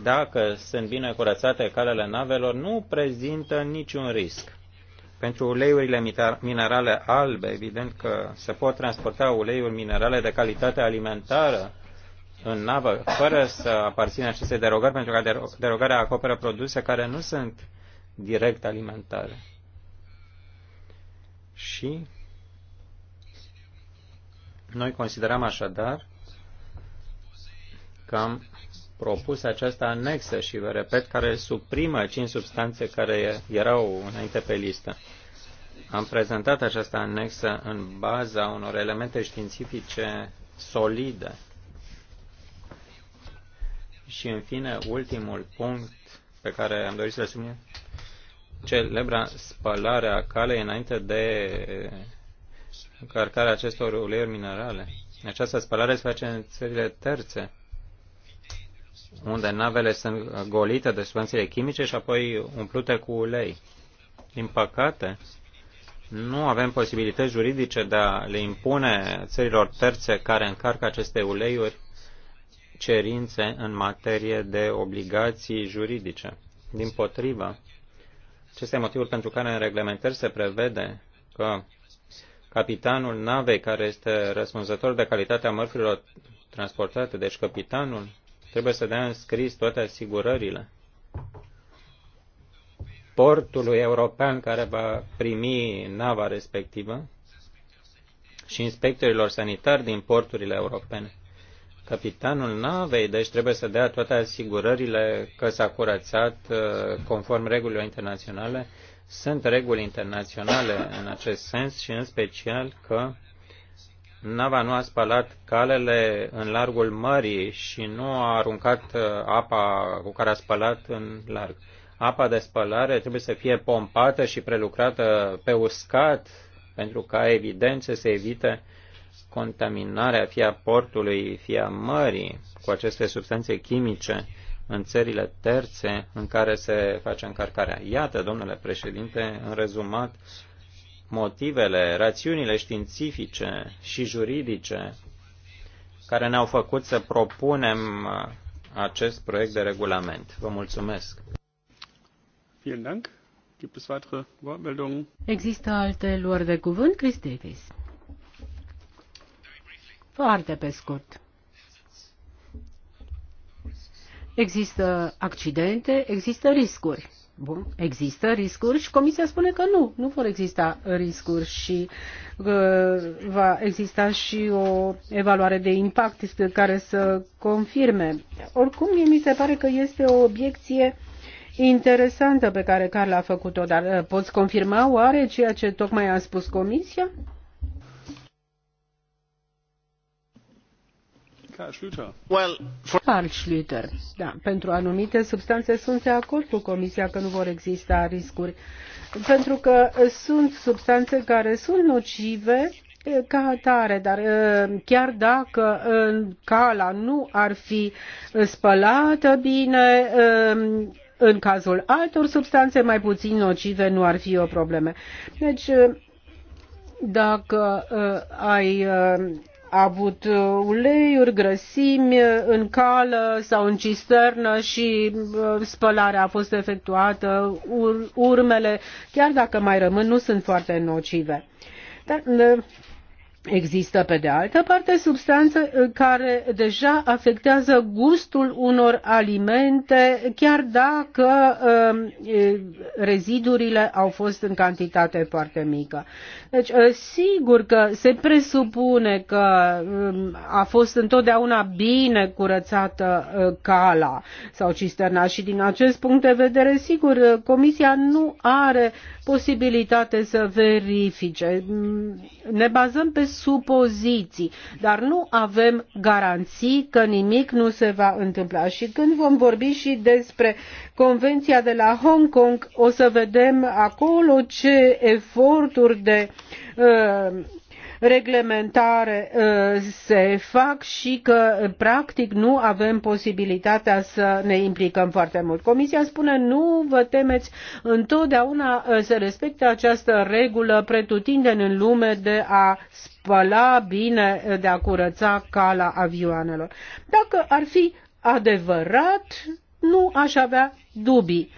dacă sunt bine curățate calele navelor, nu prezintă niciun risc. Pentru uleiurile minerale albe, evident că se pot transporta uleiuri minerale de calitate alimentară în navă, fără să aparțină aceste derogări, pentru că derogarea acoperă produse care nu sunt direct alimentare. Și noi considerăm așadar că am propus această anexă și, vă repet, care suprimă cinci substanțe care erau înainte pe listă. Am prezentat această anexă în baza unor elemente științifice solide și, în fine, ultimul punct pe care am dorit să-l subliniez, celebra spălarea calei înainte de încărcarea acestor uleiuri minerale. Această spălare se face în țările terțe, unde navele sunt golite de substanțele chimice și apoi umplute cu ulei. Din păcate, nu avem posibilități juridice de a le impune țărilor terțe care încarcă aceste uleiuri cerințe în materie de obligații juridice. Din potrivă, ce este motivul pentru care în reglementări se prevede că capitanul navei care este răspunzător de calitatea mărfurilor transportate, deci capitanul, trebuie să dea în scris toate asigurările portului european care va primi nava respectivă și inspectorilor sanitari din porturile europene. Capitanul navei, deci trebuie să dea toate asigurările că s-a curățat uh, conform regulilor internaționale. Sunt reguli internaționale în acest sens și în special că nava nu a spălat calele în largul mării și nu a aruncat uh, apa cu care a spălat în larg. Apa de spălare trebuie să fie pompată și prelucrată pe uscat pentru ca evident să se evite contaminarea fie a portului, fie a mării cu aceste substanțe chimice în țările terțe în care se face încărcarea. Iată, domnule președinte, în rezumat, motivele, rațiunile științifice și juridice care ne-au făcut să propunem acest proiect de regulament. Vă mulțumesc. Vielen Dank. Există alte luări de cuvânt? Chris Davis. Foarte pe scurt. Există accidente, există riscuri. Bun, există riscuri și Comisia spune că nu, nu vor exista riscuri și uh, va exista și o evaluare de impact care să confirme. Oricum, mi se pare că este o obiecție interesantă pe care Carla a făcut-o, dar uh, poți confirma oare ceea ce tocmai a spus Comisia? Karl Schlüter. Da, pentru anumite substanțe sunt de acord cu Comisia că nu vor exista riscuri, pentru că uh, sunt substanțe care sunt nocive uh, ca atare, dar uh, chiar dacă cala nu ar fi spălată bine, um, în cazul altor substanțe mai puțin nocive nu ar fi o problemă. Deci, dacă ai a avut uh, uleiuri, grăsimi uh, în cală sau în cisternă și uh, spălarea a fost efectuată, urmele, chiar dacă mai rămân, nu sunt foarte nocive. Dar Există, pe de altă parte, substanțe uh, care deja afectează gustul unor alimente, chiar dacă uh, uh, rezidurile au fost în cantitate foarte mică. Deci, sigur că se presupune că um, a fost întotdeauna bine curățată cala sau cisterna și din acest punct de vedere, sigur, Comisia nu are posibilitate să verifice. Mm, ne bazăm pe presupoziții, dar nu avem garanții că nimic nu se va întâmpla. Și când vom vorbi și despre Convenția de la Hong Kong, o să vedem acolo ce eforturi de uh, reglementare uh, se fac și că practic nu avem posibilitatea să ne implicăm foarte mult. Comisia spune nu vă temeți, întotdeauna uh, se respectă această regulă pretutindeni în lume de a spăla bine, uh, de a curăța cala avioanelor. Dacă ar fi adevărat, nu aș avea dubii,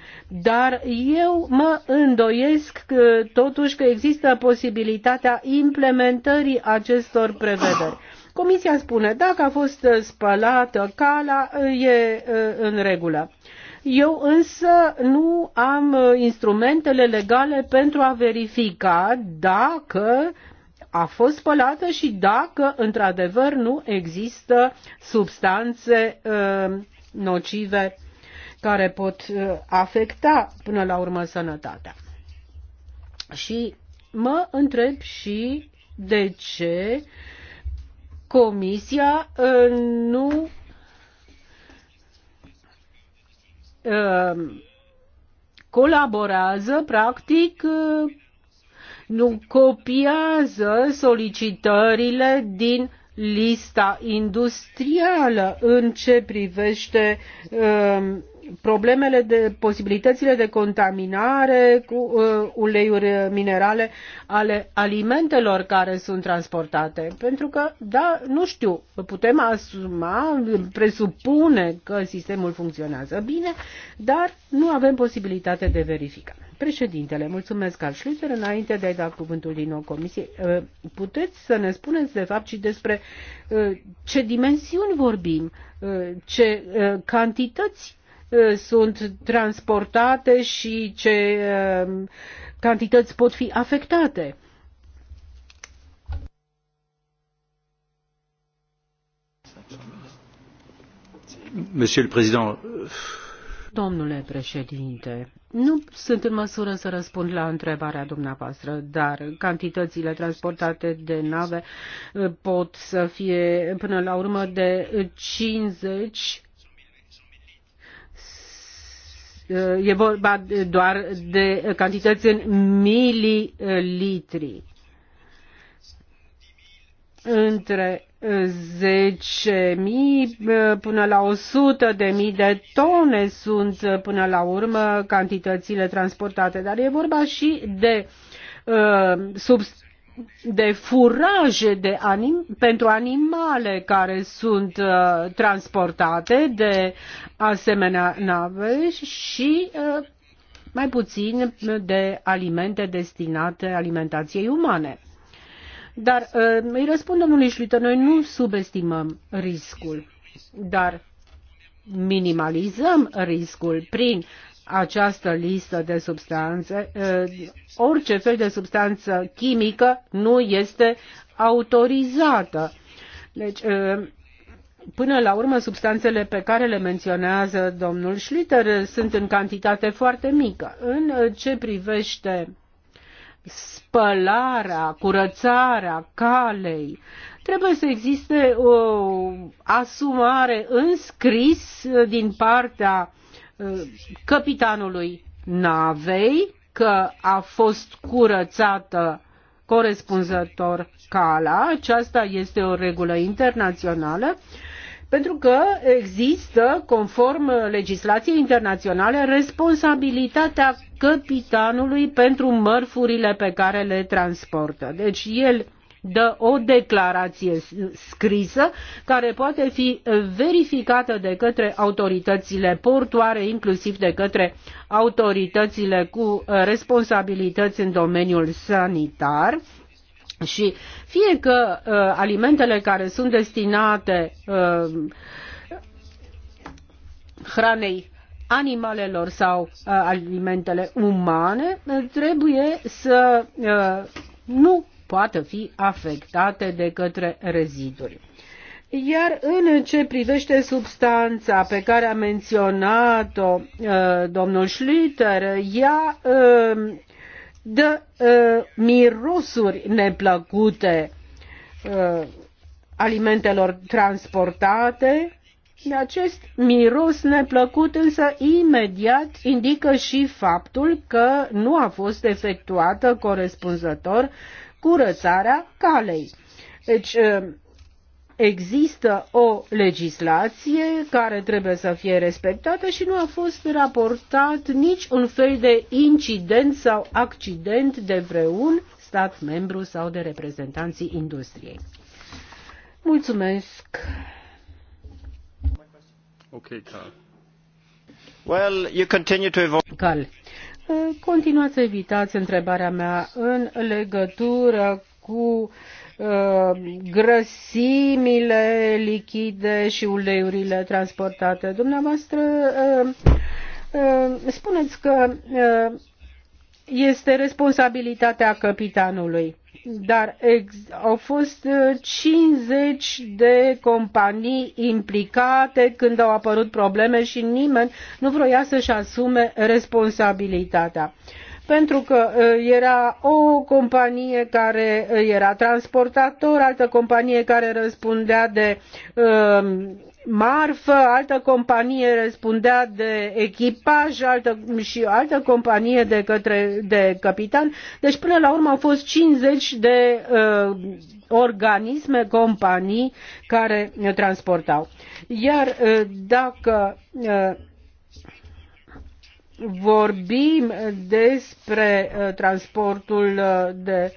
dar eu mă îndoiesc că, totuși că există posibilitatea implementării acestor prevederi. Comisia spune, dacă a fost spălată cala, e în regulă. Eu însă nu am instrumentele legale pentru a verifica dacă a fost spălată și dacă, într-adevăr, nu există substanțe uh, nocive uh, care pot uh, afecta până la urmă sănătatea. Și mă întreb și de ce Comisia uh, nu uh, colaborează, practic, nu copiază solicitările din lista industrială în ce privește uh, problemele de posibilitățile de contaminare cu uh, uleiuri minerale ale alimentelor care sunt transportate. Pentru că, da, nu știu, putem asuma, presupune că sistemul funcționează bine, dar nu avem posibilitate de verificare. Președintele, mulțumesc, Carl Schlüter. Înainte de a-i da cuvântul din nou Comisie. Uh, puteți să ne spuneți, de fapt, și despre uh, ce dimensiuni vorbim, uh, ce cantități Uh, sunt transportate și ce uh, cantități pot fi afectate. Domnule președinte, nu sunt în măsură să răspund la întrebarea dumneavoastră, dar cantitățile transportate de nave uh, pot să fie până la urmă de 50 Eh, e vorba doar de cantități în mililitri. Între 10.000 eh, până la 100.000 de tone sunt eh, până la urmă cantitățile transportate, dar e vorba și de uh, substanțe de furaje de anim- pentru animale care sunt uh, transportate de asemenea nave și uh, mai puțin de alimente destinate alimentației umane. Dar uh, îi răspund domnului Șlită, noi nu subestimăm riscul, dar minimalizăm riscul prin această listă de substanțe, orice fel de substanță chimică nu este autorizată. Deci, până la urmă, substanțele pe care le menționează domnul Schlitter sunt în cantitate foarte mică. În ce privește spălarea, curățarea calei, trebuie să existe o asumare înscris din partea uh, capitanului navei că a fost curățată corespunzător cala. Aceasta este o regulă internațională pentru că există, conform legislației internaționale, responsabilitatea capitanului pentru mărfurile pe care le transportă. Deci el dă o declarație scrisă care poate fi verificată de către autoritățile portoare, inclusiv de către autoritățile cu uh, responsabilități în domeniul sanitar. Și fie că uh, alimentele care sunt destinate uh, hranei animalelor sau uh, alimentele umane trebuie să uh, nu poată fi afectate de către reziduri. Iar în ce privește substanța pe care a menționat-o uh, domnul Schlüter, ea uh, dă uh, mirosuri neplăcute alimentelor transportate. Acest miros neplăcut însă imediat indică și faptul că nu a fost efectuată corespunzător curățarea calei. Deci există o legislație care trebuie să fie respectată și nu a fost raportat nici un fel de incident sau accident de vreun stat membru sau de reprezentanții industriei. Mulțumesc. Okay, Carl. Well, you continue to evolve. Carl, continuați să evitați întrebarea mea în legătură cu uh, grăsimile lichide și uleiurile transportate. Dumneavoastră, uh, uh, spuneți că uh, este responsabilitatea capitanului dar ex, au fost 50 uh, de companii implicate când au apărut probleme și nimeni nu vroia să-și asume responsabilitatea pentru că uh, era o companie care uh, era transportator, altă companie care răspundea de uh, marfă, altă companie răspundea de echipaj altă, și altă companie de, către, de capitan. Deci până la urmă au fost 50 de uh, organisme, companii care transportau. Iar uh, dacă uh, vorbim despre uh, transportul uh, de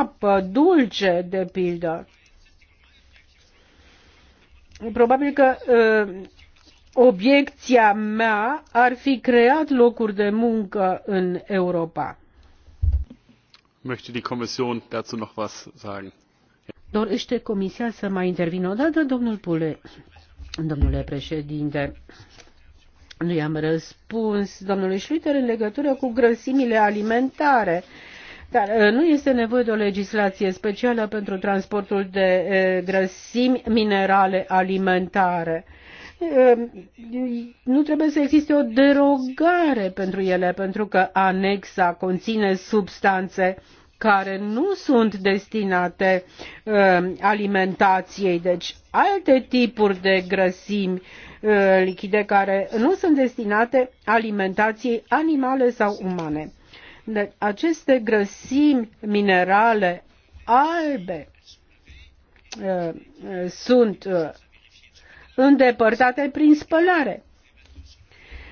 apă dulce, de pildă, probabil că uh, obiecția mea ar fi creat locuri de muncă în Europa. Möchte die Kommission dazu noch was sagen? Dorește Comisia să mai intervină o dată, domnul Pule? Domnule președinte, nu i-am răspuns domnului Schlüter în legătură cu grăsimile alimentare. Uh, dar uh, nu este nevoie de o legislație specială pentru transportul de uh, grăsimi minerale alimentare uh, nu trebuie să existe o derogare pentru ele, pentru că anexa conține substanțe care nu sunt destinate uh, alimentației, deci alte tipuri de grăsimi uh, lichide care nu sunt destinate alimentației animale sau umane aceste grăsimi minerale albe uh, uh, sunt uh, îndepărtate prin spălare.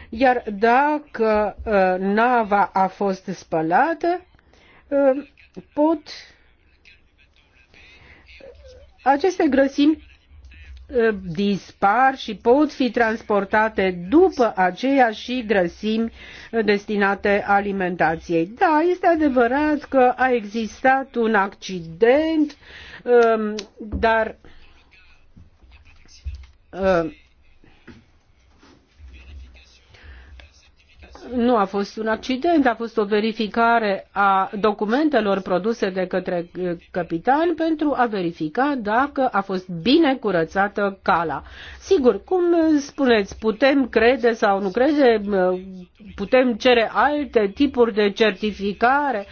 Iar dacă nava a fost spălată, pot aceste grăsimi dispar și pot fi transportate după aceea și grăsimi destinate alimentației. Da, este adevărat că a existat un accident, dar nu a fost un accident, a fost o verificare a documentelor produse de către uh, capitan pentru a verifica dacă a fost bine curățată cala. Sigur, cum uh, spuneți, putem crede sau nu crede, uh, putem cere alte tipuri de certificare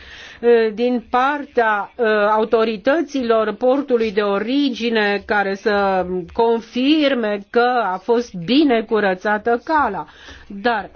din partea autorităților portului de origine care să confirme că a fost bine curățată cala. Dar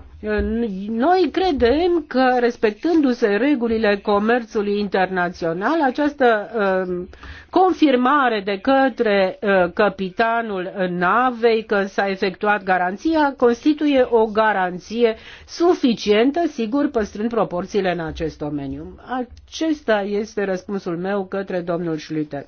noi credem că, respectându-se regulile comerțului internațional, această uh, confirmare de către uh, capitanul navei că s-a efectuat garanția constituie o garanție suficientă, sigur, păstrând proporțiile în acest domeniu. Acesta este răspunsul meu către domnul Schlitter.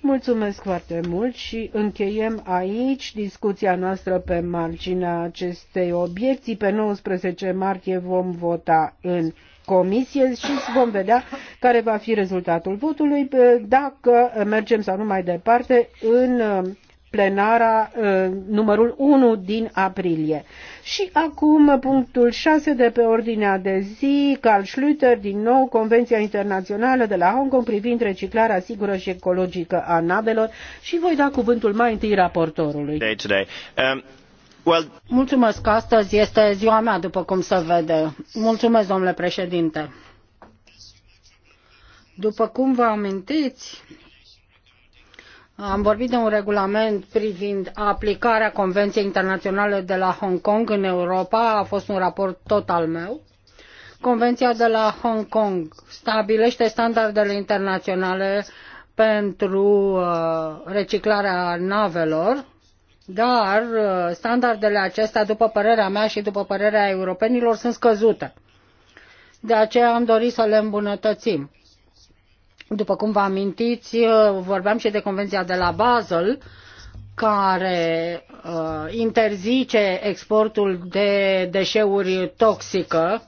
Mulțumesc foarte mult și încheiem aici discuția noastră pe marginea acestei obiecții pe 19 18 martie vom vota în comisie și vom vedea care va fi rezultatul votului, dacă mergem sau nu mai departe în uh, plenara uh, numărul 1 din aprilie. Și acum punctul 6 de pe ordinea de zi, Carl Schlüter, din nou Convenția Internațională de la Hong Kong privind reciclarea sigură și ecologică a navelor și voi da cuvântul mai întâi raportorului. Day Mulțumesc, astăzi este ziua mea, după cum se vede. Mulțumesc, domnule președinte. După cum vă amintiți, am vorbit de un regulament privind aplicarea Convenției Internaționale de la Hong Kong în Europa. A fost un raport tot al meu. Convenția de la Hong Kong stabilește standardele internaționale pentru uh, reciclarea navelor dar uh, standardele acestea, după părerea mea și după părerea europenilor, sunt scăzute. De aceea am dorit să le îmbunătățim. După cum vă amintiți, uh, vorbeam și de Convenția de la Basel, care uh, interzice exportul de deșeuri toxică,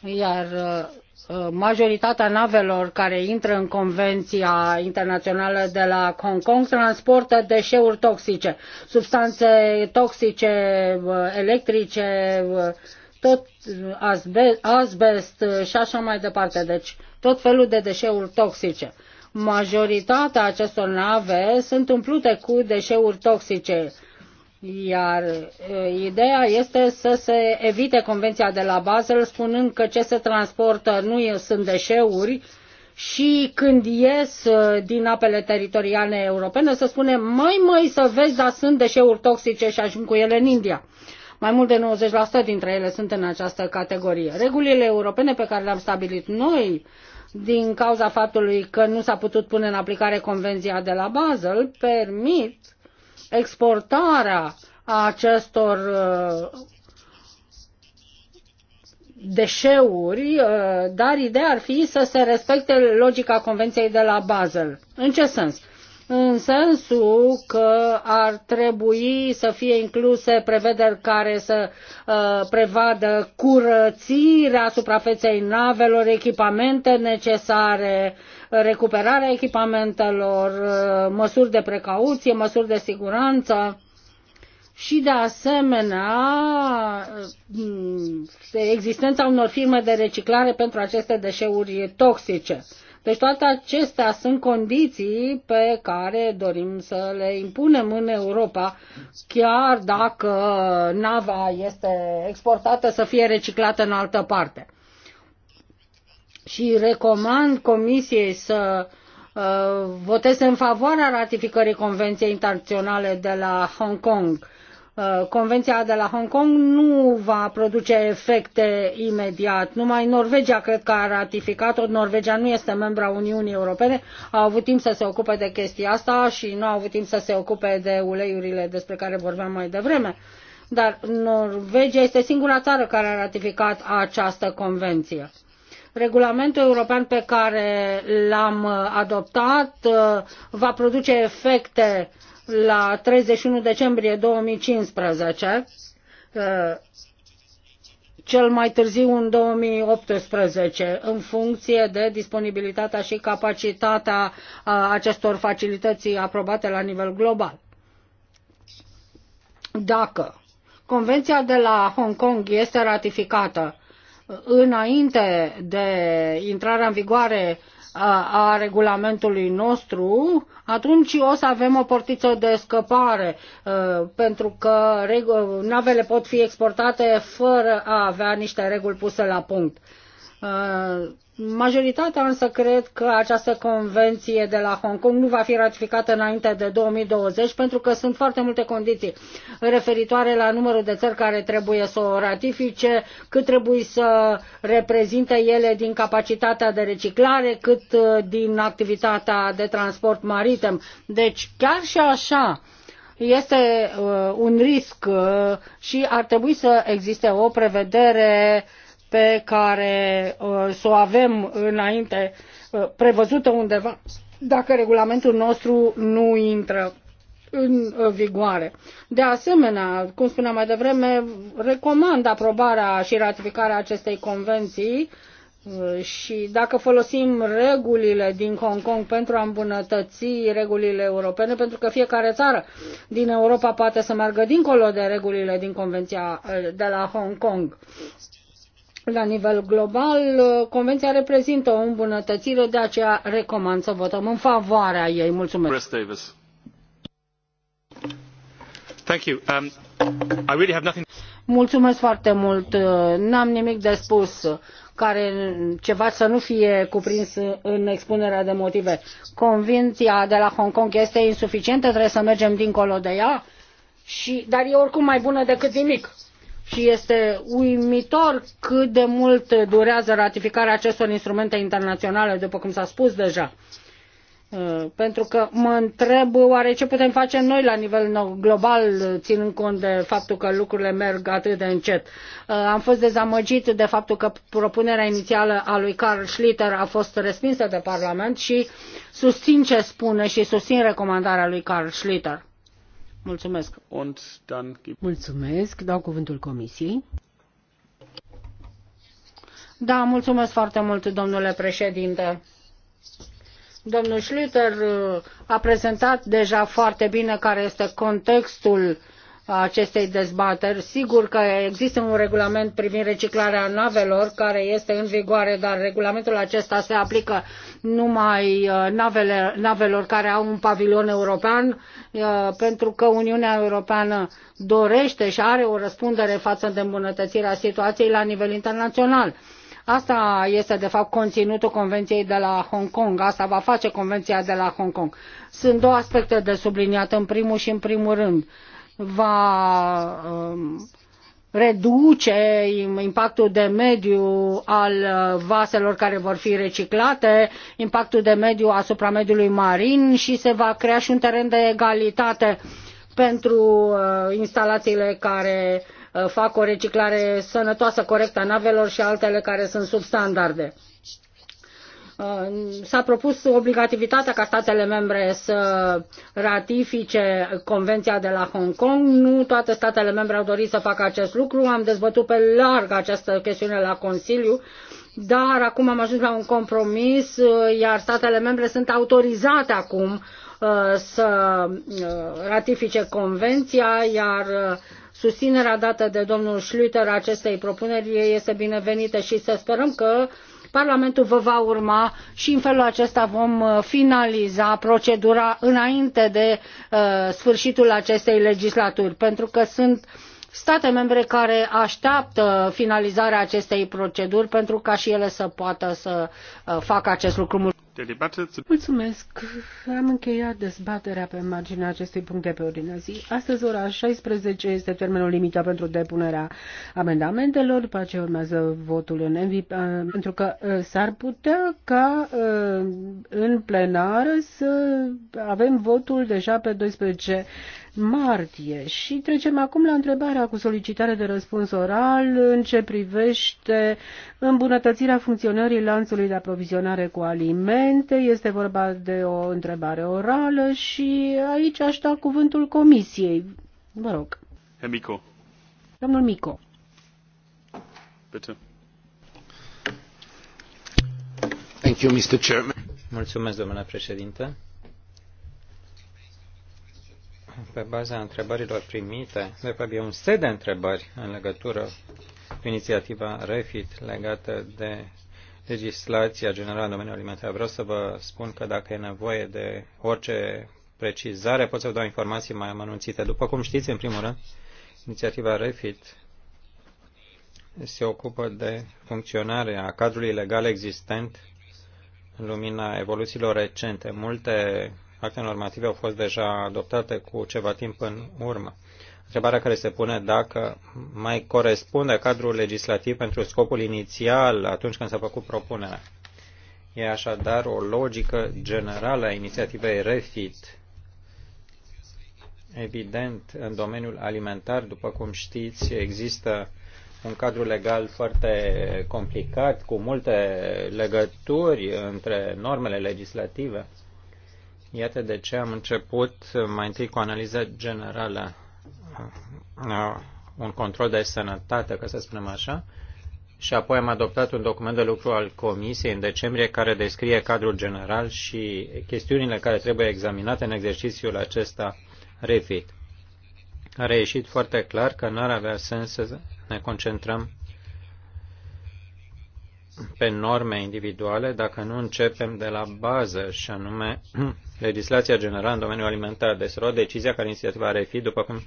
iar uh, Uh, majoritatea navelor care intră în Convenția Internațională de la Hong Kong transportă deșeuri toxice, substanțe toxice, uh, electrice, uh, tot asbest și așa mai departe. Deci tot felul de deșeuri toxice. Majoritatea acestor nave sunt umplute cu deșeuri toxice iar uh, ideea este să se evite convenția de la Basel, spunând că ce se transportă nu sunt deșeuri și când ies uh, din apele teritoriale europene, să spunem, mai mai să vezi, dar sunt deșeuri toxice și ajung cu ele în India. Mai mult de 90% dintre ele sunt în această categorie. Regulile europene pe care le-am stabilit noi, din cauza faptului că nu s-a putut pune în aplicare convenția de la Basel, permit exportarea acestor uh, deșeuri, uh, dar ideea ar fi să se respecte logica Convenției de la Basel. În ce sens? în sensul că ar trebui să fie incluse prevederi care să uh, prevadă curățirea suprafeței navelor, echipamente necesare, recuperarea echipamentelor, uh, măsuri de precauție, măsuri de siguranță. Și de asemenea uh, existența unor firme de reciclare pentru aceste deșeuri toxice. Deci toate acestea sunt condiții pe care dorim să le impunem în Europa, chiar dacă nava este exportată să fie reciclată în altă parte. Și recomand Comisiei să uh, voteze în favoarea ratificării Convenției Internaționale de la Hong Kong Uh, Convenția de la Hong Kong nu va produce efecte imediat. Numai Norvegia cred că a ratificat-o. Norvegia nu este membra Uniunii Europene. A avut timp să se ocupe de chestia asta și nu a avut timp să se ocupe de uleiurile despre care vorbeam mai devreme. Dar Norvegia este singura țară care a ratificat această convenție regulamentul european pe care l-am adoptat uh, va produce efecte la 31 decembrie 2015, uh, cel mai târziu în 2018, în funcție de disponibilitatea și capacitatea uh, acestor facilități aprobate la nivel global. Dacă Convenția de la Hong Kong este ratificată uh, înainte de intrarea în vigoare a, regulamentului nostru, atunci o să avem o portiță de scăpare, pentru că navele pot fi exportate fără a avea niște reguli puse la punct. Uh, majoritatea însă cred că această convenție de la Hong Kong nu va fi ratificată înainte de 2020 pentru că sunt foarte multe condiții referitoare la numărul de țări care trebuie să o ratifice, cât trebuie să reprezinte ele din capacitatea de reciclare, cât uh, din activitatea de transport maritim. Deci chiar și așa este uh, un risc și ar trebui să existe o prevedere uh, pe care uh, să o avem înainte uh, prevăzută undeva dacă regulamentul nostru nu intră în uh, vigoare. De asemenea, cum spuneam mai devreme, recomand aprobarea și ratificarea acestei convenții și dacă folosim regulile din Hong Kong pentru a îmbunătăți regulile europene, pentru că fiecare țară din Europa poate să meargă dincolo de regulile din Convenția de la Hong Kong la nivel global. Uh, convenția reprezintă o îmbunătățire, de aceea recomand să votăm în favoarea ei. Mulțumesc. Thank you. Um, I really have nothing... Mulțumesc foarte mult. Uh, n-am nimic de spus care ceva să nu fie cuprins în expunerea de motive. Convinția de la Hong Kong este insuficientă, trebuie să mergem dincolo de ea, și, dar e oricum mai bună decât nimic și este uimitor cât de mult durează ratificarea acestor instrumente internaționale, după cum s-a spus deja. Uh, pentru că mă întreb oare ce putem face noi la nivel global, ținând cont de faptul că lucrurile merg atât de încet. Uh, am fost dezamăgit de faptul că propunerea inițială a lui Carl Schlitter a fost respinsă de Parlament și susțin ce spune și susțin recomandarea lui Carl Schlitter Mulțumesc. Und dann... Mulțumesc. Dau cuvântul Comisiei. Da, mulțumesc foarte mult, domnule președinte. Domnul Schlüter uh, a prezentat deja foarte bine care este contextul acestei dezbateri. Sigur că există un regulament privind reciclarea navelor care este în vigoare, dar regulamentul acesta se aplică numai uh, navele, navelor care au un pavilion european, uh, pentru că Uniunea Europeană dorește și are o răspundere față de îmbunătățirea situației la nivel internațional. Asta este, de fapt, conținutul Convenției de la Hong Kong. Asta va face Convenția de la Hong Kong. Sunt două aspecte de subliniat, în primul și în primul rând. Uh, va um, reduce impactul de mediu al uh, vaselor care vor fi reciclate, impactul de mediu asupra mediului marin și se va crea și un teren de egalitate pentru uh, instalațiile care uh, fac o reciclare sănătoasă, corectă a navelor și altele care sunt sub standarde. Uh, s-a propus obligativitatea ca statele membre să ratifice Convenția de la Hong Kong. Nu toate statele membre au dorit să facă acest lucru. Am dezbătut pe larg această chestiune la Consiliu, dar acum am ajuns la un compromis, uh, iar statele membre sunt autorizate acum uh, să ratifice Convenția, iar susținerea dată de domnul Schlüter acestei propuneri este binevenită și să sperăm că Parlamentul vă va urma și în felul acesta vom uh, finaliza procedura înainte de uh, sfârșitul acestei legislaturi, pentru că sunt state membre care așteaptă finalizarea acestei proceduri pentru ca și ele să poată să uh, facă acest lucru. Mulțumesc. Am încheiat dezbaterea pe marginea acestui punct de pe ordinea zi. Astăzi, ora 16, este termenul limită pentru depunerea amendamentelor, după ce urmează votul în MV, pentru că s-ar putea ca în plenară să avem votul deja pe 12 martie. Și trecem acum la întrebarea cu solicitare de răspuns oral în ce privește îmbunătățirea funcționării lanțului de aprovizionare cu alimente. Este vorba de o întrebare orală și aici aș da cuvântul comisiei. Vă rog. Herr Mico. Domnul Mico. Bitte. Thank you, Mr. Chairman. Mulțumesc, domnule președinte pe baza întrebărilor primite, de fapt e un set de întrebări în legătură cu inițiativa REFIT legată de legislația generală în domeniul alimentar. Vreau să vă spun că dacă e nevoie de orice precizare, pot să vă dau informații mai amănunțite. După cum știți, în primul rând, inițiativa REFIT se ocupă de funcționarea cadrului legal existent în lumina evoluțiilor recente. Multe acte normative au fost deja adoptate cu ceva timp în urmă. Întrebarea care se pune dacă mai corespunde cadrul legislativ pentru scopul inițial atunci când s-a făcut propunerea. E așadar o logică generală a inițiativei REFIT. Evident, în domeniul alimentar, după cum știți, există un cadru legal foarte complicat, cu multe legături între normele legislative. Iată de ce am început uh, mai întâi cu analiză generală, uh, uh, un control de sănătate, ca să spunem așa, și apoi am adoptat un document de lucru al Comisiei în decembrie care descrie cadrul general și chestiunile care trebuie examinate în exercițiul acesta refit. A reieșit foarte clar că n-ar avea sens să ne concentrăm pe norme individuale dacă nu începem de la bază și anume [CLEARS THROAT] legislația generală în domeniul alimentar. Deci rog, decizia care inițiativa are fi, după cum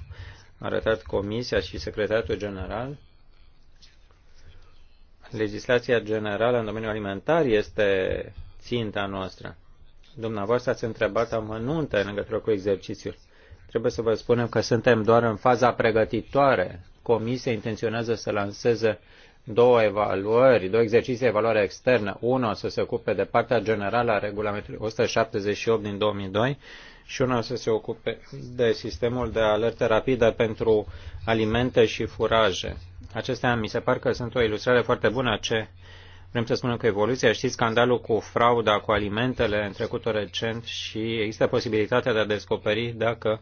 a arătat Comisia și Secretariatul General, legislația generală în domeniul alimentar este ținta noastră. Dumneavoastră ați întrebat amănunte în legătură cu exercițiul. Trebuie să vă spunem că suntem doar în faza pregătitoare. Comisia intenționează să lanseze două evaluări, două exerciții de evaluare externă. Unul să se ocupe de partea generală a regulamentului 178 din 2002 și unul să se ocupe de sistemul de alertă rapidă pentru alimente și furaje. Acestea mi se par că sunt o ilustrare foarte bună ce vrem să spunem că evoluția, știți, scandalul cu frauda cu alimentele în trecutul recent și există posibilitatea de a descoperi dacă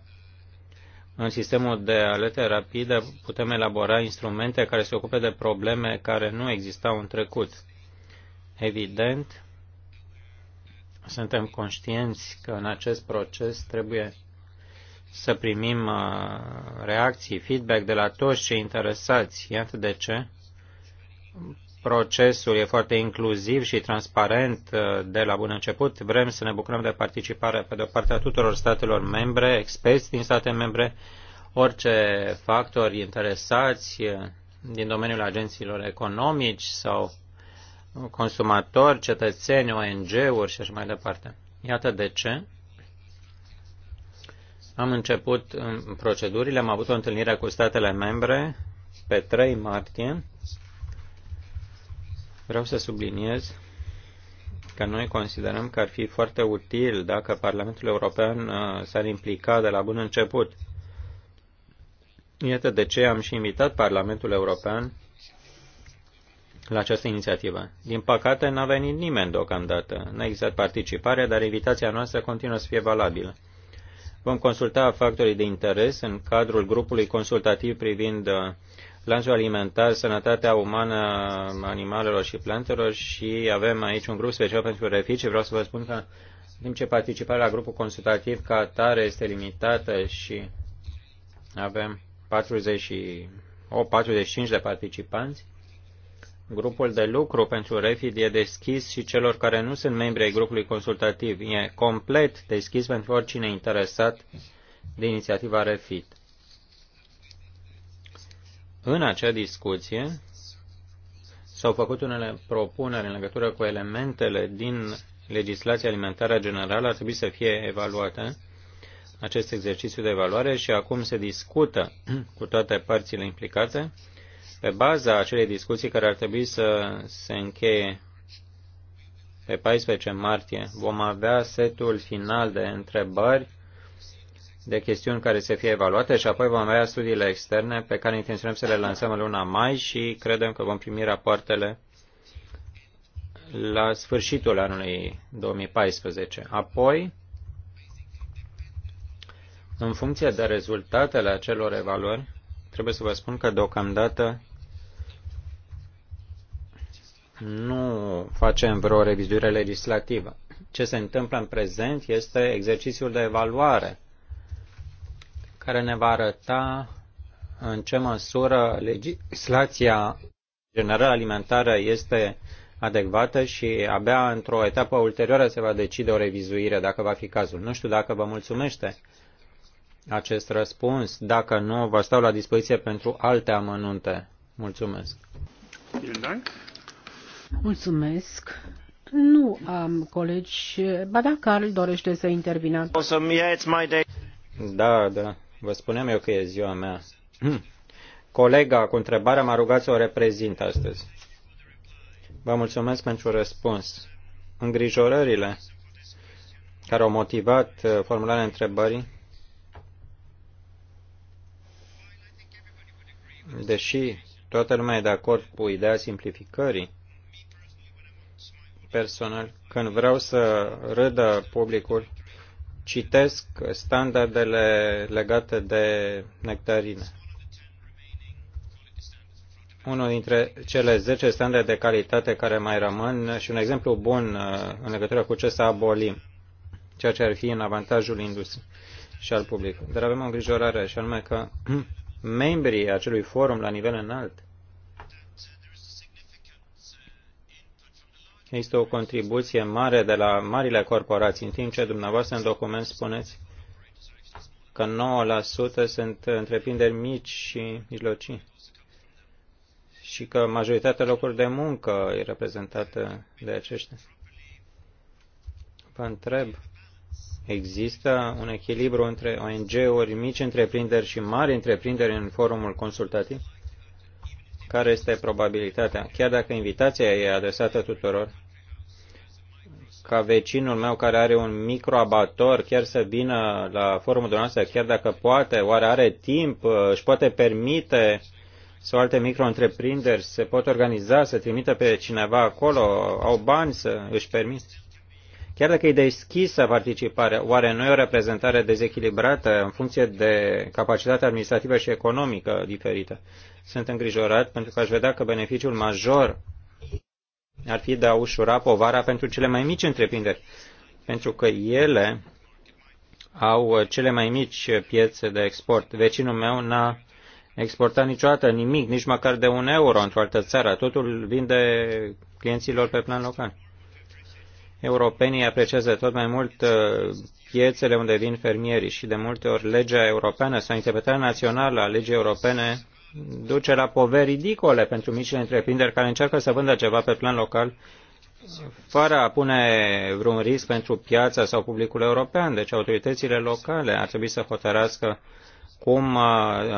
în sistemul de alete rapide putem elabora instrumente care se ocupe de probleme care nu existau în trecut. Evident, suntem conștienți că în acest proces trebuie să primim uh, reacții, feedback de la toți cei interesați. Iată de ce procesul e foarte inclusiv și transparent uh, de la bun început. Vrem să ne bucurăm de participare pe de o parte a tuturor statelor membre, experți din state membre, orice factori interesați uh, din domeniul agențiilor economici sau consumatori, cetățeni, ONG-uri și așa mai departe. Iată de ce am început în procedurile, am avut o întâlnire cu statele membre pe 3 martie Vreau să subliniez că noi considerăm că ar fi foarte util dacă Parlamentul European uh, s-ar implica de la bun început. Iată de ce am și invitat Parlamentul European la această inițiativă. Din păcate, n-a venit nimeni deocamdată. N-a existat participare, dar invitația noastră continuă să fie valabilă. Vom consulta factorii de interes în cadrul grupului consultativ privind uh, Planșul alimentar, sănătatea umană animalelor și plantelor și avem aici un grup special pentru refici. Vreau să vă spun că în timp ce participarea la grupul consultativ ca tare este limitată și avem 48-45 de participanți, Grupul de lucru pentru REFID e deschis și celor care nu sunt membri ai grupului consultativ. E complet deschis pentru oricine interesat de inițiativa REFIT. În acea discuție s-au făcut unele propuneri în legătură cu elementele din legislația alimentară generală, ar trebui să fie evaluate acest exercițiu de evaluare și acum se discută cu toate părțile implicate pe baza acelei discuții care ar trebui să se încheie pe 14 martie. Vom avea setul final de întrebări de chestiuni care să fie evaluate și apoi vom avea studiile externe pe care intenționăm să le lansăm în luna mai și credem că vom primi rapoartele la sfârșitul anului 2014. Apoi, în funcție de rezultatele acelor evaluări, trebuie să vă spun că deocamdată nu facem vreo revizuire legislativă. Ce se întâmplă în prezent este exercițiul de evaluare care ne va arăta în ce măsură legislația generală alimentară este adecvată și abia într-o etapă ulterioară se va decide o revizuire dacă va fi cazul. Nu știu dacă vă mulțumește acest răspuns. Dacă nu, vă stau la dispoziție pentru alte amănunte. Mulțumesc. Mulțumesc. Nu am colegi. Ba da, Carl dorește să intervină. Da, da. Vă spuneam eu că e ziua mea. Colega cu întrebarea m-a rugat să o reprezint astăzi. Vă mulțumesc pentru răspuns. Îngrijorările care au motivat uh, formularea întrebării, deși toată lumea e de acord cu ideea simplificării, personal, când vreau să râdă publicul, citesc standardele legate de nectarine. Unul dintre cele 10 standarde de calitate care mai rămân și un exemplu bun uh, în legătură cu ce să abolim, ceea ce ar fi în avantajul industriei și al publicului. Dar avem o îngrijorare și anume că [CLEARS THROAT] membrii acelui forum la nivel înalt Este o contribuție mare de la marile corporații, în timp ce dumneavoastră în document spuneți că 9% sunt întreprinderi mici și mijlocii și că majoritatea locurilor de muncă e reprezentată de aceștia. Vă întreb, există un echilibru între ONG-uri, mici întreprinderi și mari întreprinderi în forumul consultativ? care este probabilitatea, chiar dacă invitația e adresată tuturor, ca vecinul meu care are un microabator chiar să vină la forumul dumneavoastră, chiar dacă poate, oare are timp, își poate permite sau alte micro-întreprinderi se pot organiza, să trimită pe cineva acolo, au bani să își permit. Chiar dacă e deschisă participarea, oare nu e o reprezentare dezechilibrată în funcție de capacitatea administrativă și economică diferită? Sunt îngrijorat pentru că aș vedea că beneficiul major ar fi de a ușura povara pentru cele mai mici întreprinderi, pentru că ele au cele mai mici piețe de export. Vecinul meu n-a exportat niciodată nimic, nici măcar de un euro într-o altă țară. Totul vinde clienților pe plan local. Europenii apreciază tot mai mult uh, piețele unde vin fermierii și de multe ori legea europeană sau interpretarea națională a legii europene duce la poveri ridicole pentru micile întreprinderi care încearcă să vândă ceva pe plan local fără a pune vreun risc pentru piața sau publicul european. Deci autoritățile locale ar trebui să hotărască cum uh,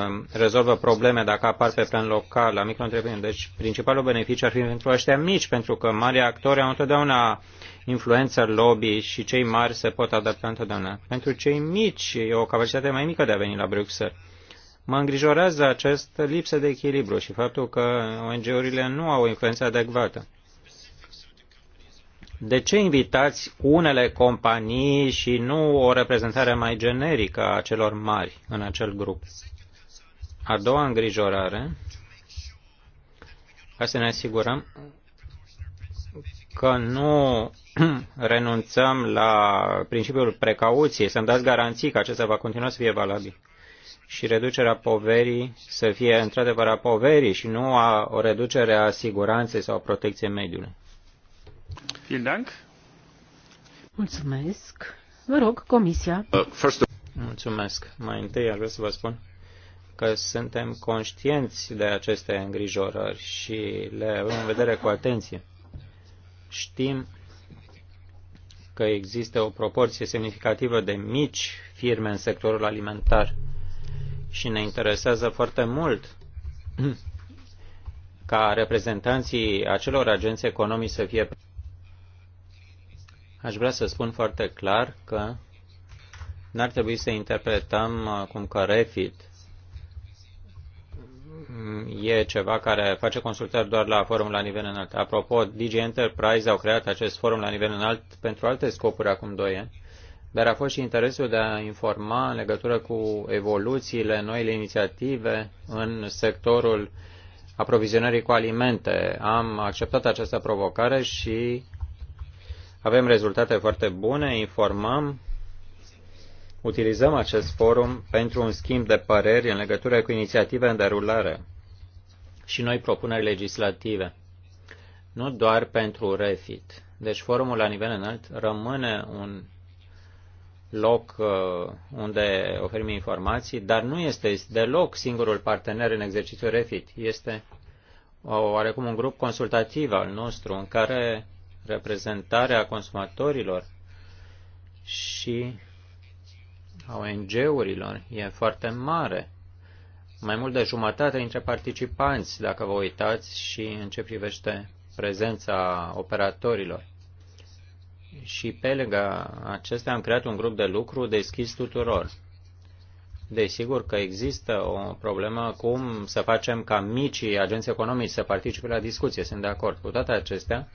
um, rezolvă probleme dacă apar pe plan local la micro -întreprinderi. Deci principalul beneficiu ar fi pentru ăștia mici, pentru că mari actori au întotdeauna influență, lobby și cei mari se pot adapta întotdeauna. Pentru cei mici e o capacitate mai mică de a veni la Bruxelles Mă îngrijorează această lipsă de echilibru și faptul că ONG-urile nu au o influență adecvată. De ce invitați unele companii și nu o reprezentare mai generică a celor mari în acel grup? A doua îngrijorare, ca să ne asigurăm că nu [CLEARS THROAT] renunțăm la principiul precauției, să-mi dați garanții că acesta va continua să fie valabil și reducerea poverii să fie într-adevăr a poverii și nu a o reducere a siguranței sau a protecției mediului. Mulțumesc. Vă rog, Comisia. Uh, Mulțumesc. Mai întâi aș vrea să vă spun că suntem conștienți de aceste îngrijorări și le avem în vedere cu atenție. Știm că există o proporție semnificativă de mici firme în sectorul alimentar și ne interesează foarte mult [CLEARS THROAT] ca reprezentanții acelor agenți economici să fie. Aș vrea să spun foarte clar că n-ar trebui să interpretăm uh, cum că refit e ceva care face consultări doar la forum la nivel înalt. Apropo, DG Enterprise au creat acest forum la nivel înalt pentru alte scopuri acum 2 ani dar a fost și interesul de a informa în legătură cu evoluțiile, noile inițiative în sectorul aprovizionării cu alimente. Am acceptat această provocare și avem rezultate foarte bune, informăm, utilizăm acest forum pentru un schimb de păreri în legătură cu inițiative în derulare și noi propuneri legislative, nu doar pentru refit. Deci forumul la nivel înalt rămâne un loc uh, unde oferim informații, dar nu este deloc singurul partener în exercițiul REFIT. Este oarecum un grup consultativ al nostru în care reprezentarea consumatorilor și ONG-urilor e foarte mare. Mai mult de jumătate dintre participanți, dacă vă uitați, și în ce privește prezența operatorilor. Și pe lângă acestea am creat un grup de lucru deschis tuturor. Desigur că există o problemă cum să facem ca micii agenți economici să participe la discuție, sunt de acord. Cu toate acestea,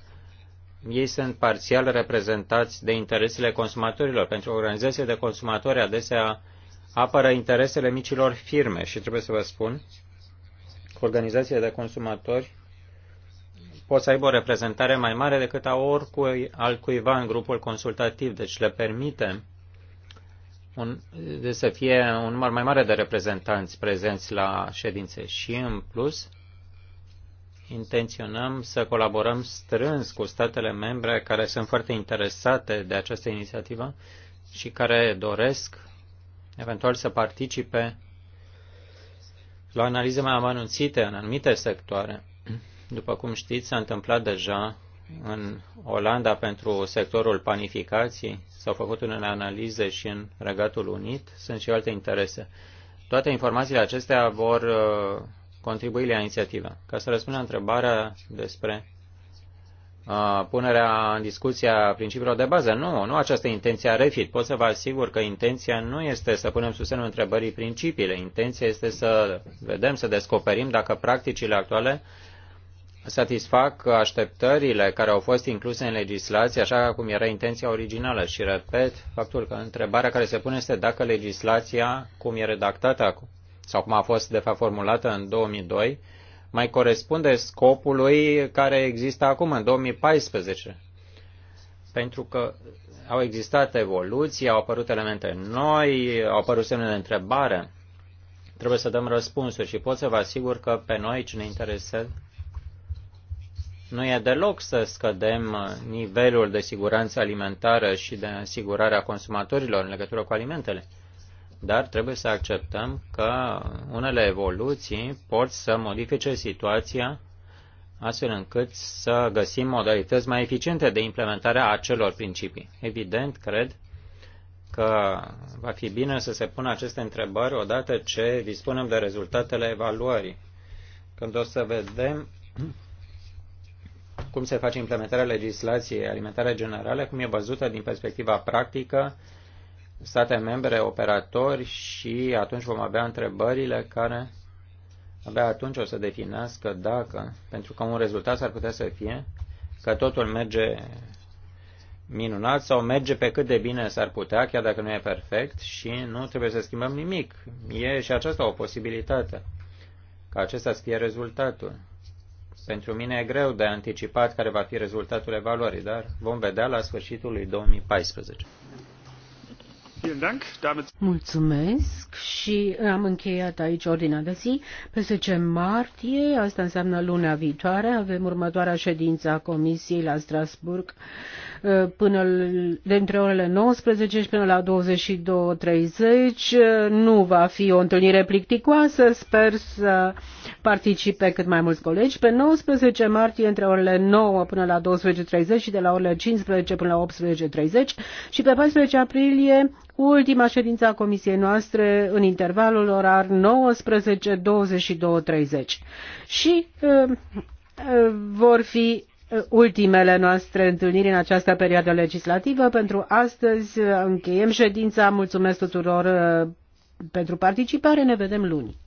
ei sunt parțial reprezentați de interesele consumatorilor, pentru că organizațiile de consumatori adesea apără interesele micilor firme și trebuie să vă spun că organizațiile de consumatori pot să aibă o reprezentare mai mare decât a oricui altcuiva în grupul consultativ, deci le permite un, de să fie un număr mai mare de reprezentanți prezenți la ședințe și, în plus, intenționăm să colaborăm strâns cu statele membre care sunt foarte interesate de această inițiativă și care doresc eventual să participe la analize mai amănunțite în anumite sectoare după cum știți, s-a întâmplat deja în Olanda pentru sectorul panificației, s-au făcut unele analize și în Regatul Unit, sunt și alte interese. Toate informațiile acestea vor uh, contribui la inițiativă. Ca să răspund la întrebarea despre uh, punerea în discuție a principiilor de bază. Nu, nu această intenție a refit. Pot să vă asigur că intenția nu este să punem sub semnul întrebării principiile. Intenția este să vedem, să descoperim dacă practicile actuale satisfac așteptările care au fost incluse în legislație, așa cum era intenția originală. Și repet, faptul că întrebarea care se pune este dacă legislația, cum e redactată acum, sau cum a fost de fapt formulată în 2002, mai corespunde scopului care există acum, în 2014. Pentru că au existat evoluții, au apărut elemente noi, au apărut semne de întrebare. Trebuie să dăm răspunsuri și pot să vă asigur că pe noi ce ne interesează nu e deloc să scădem nivelul de siguranță alimentară și de asigurare a consumatorilor în legătură cu alimentele, dar trebuie să acceptăm că unele evoluții pot să modifice situația astfel încât să găsim modalități mai eficiente de implementare a acelor principii. Evident, cred că va fi bine să se pună aceste întrebări odată ce dispunem de rezultatele evaluării, când o să vedem cum se face implementarea legislației alimentare generale, cum e văzută din perspectiva practică, state membre, operatori și atunci vom avea întrebările care abia atunci o să definească dacă, pentru că un rezultat ar putea să fie că totul merge minunat sau merge pe cât de bine s-ar putea, chiar dacă nu e perfect și nu trebuie să schimbăm nimic. E și aceasta o posibilitate, ca acesta să fie rezultatul. Pentru mine e greu de anticipat care va fi rezultatul evaluării, dar vom vedea la sfârșitul lui 2014. Mulțumesc și am încheiat aici ordinea de zi. Pe 10 martie, asta înseamnă luna viitoare, avem următoarea ședință a Comisiei la Strasburg uh, până dintre orele 19 și până la 22.30. Uh, nu va fi o întâlnire plicticoasă, sper să participe cât mai mulți colegi. Pe 19 martie, între orele 9 până la 12.30 și de la orele 15 până la 18.30 și pe 14 aprilie ultima ședință a comisiei noastre în intervalul orar 19-22.30. Și uh, uh, vor fi uh, ultimele noastre întâlniri în această perioadă legislativă. Pentru astăzi uh, încheiem ședința. Mulțumesc tuturor pentru participare. Ne vedem luni.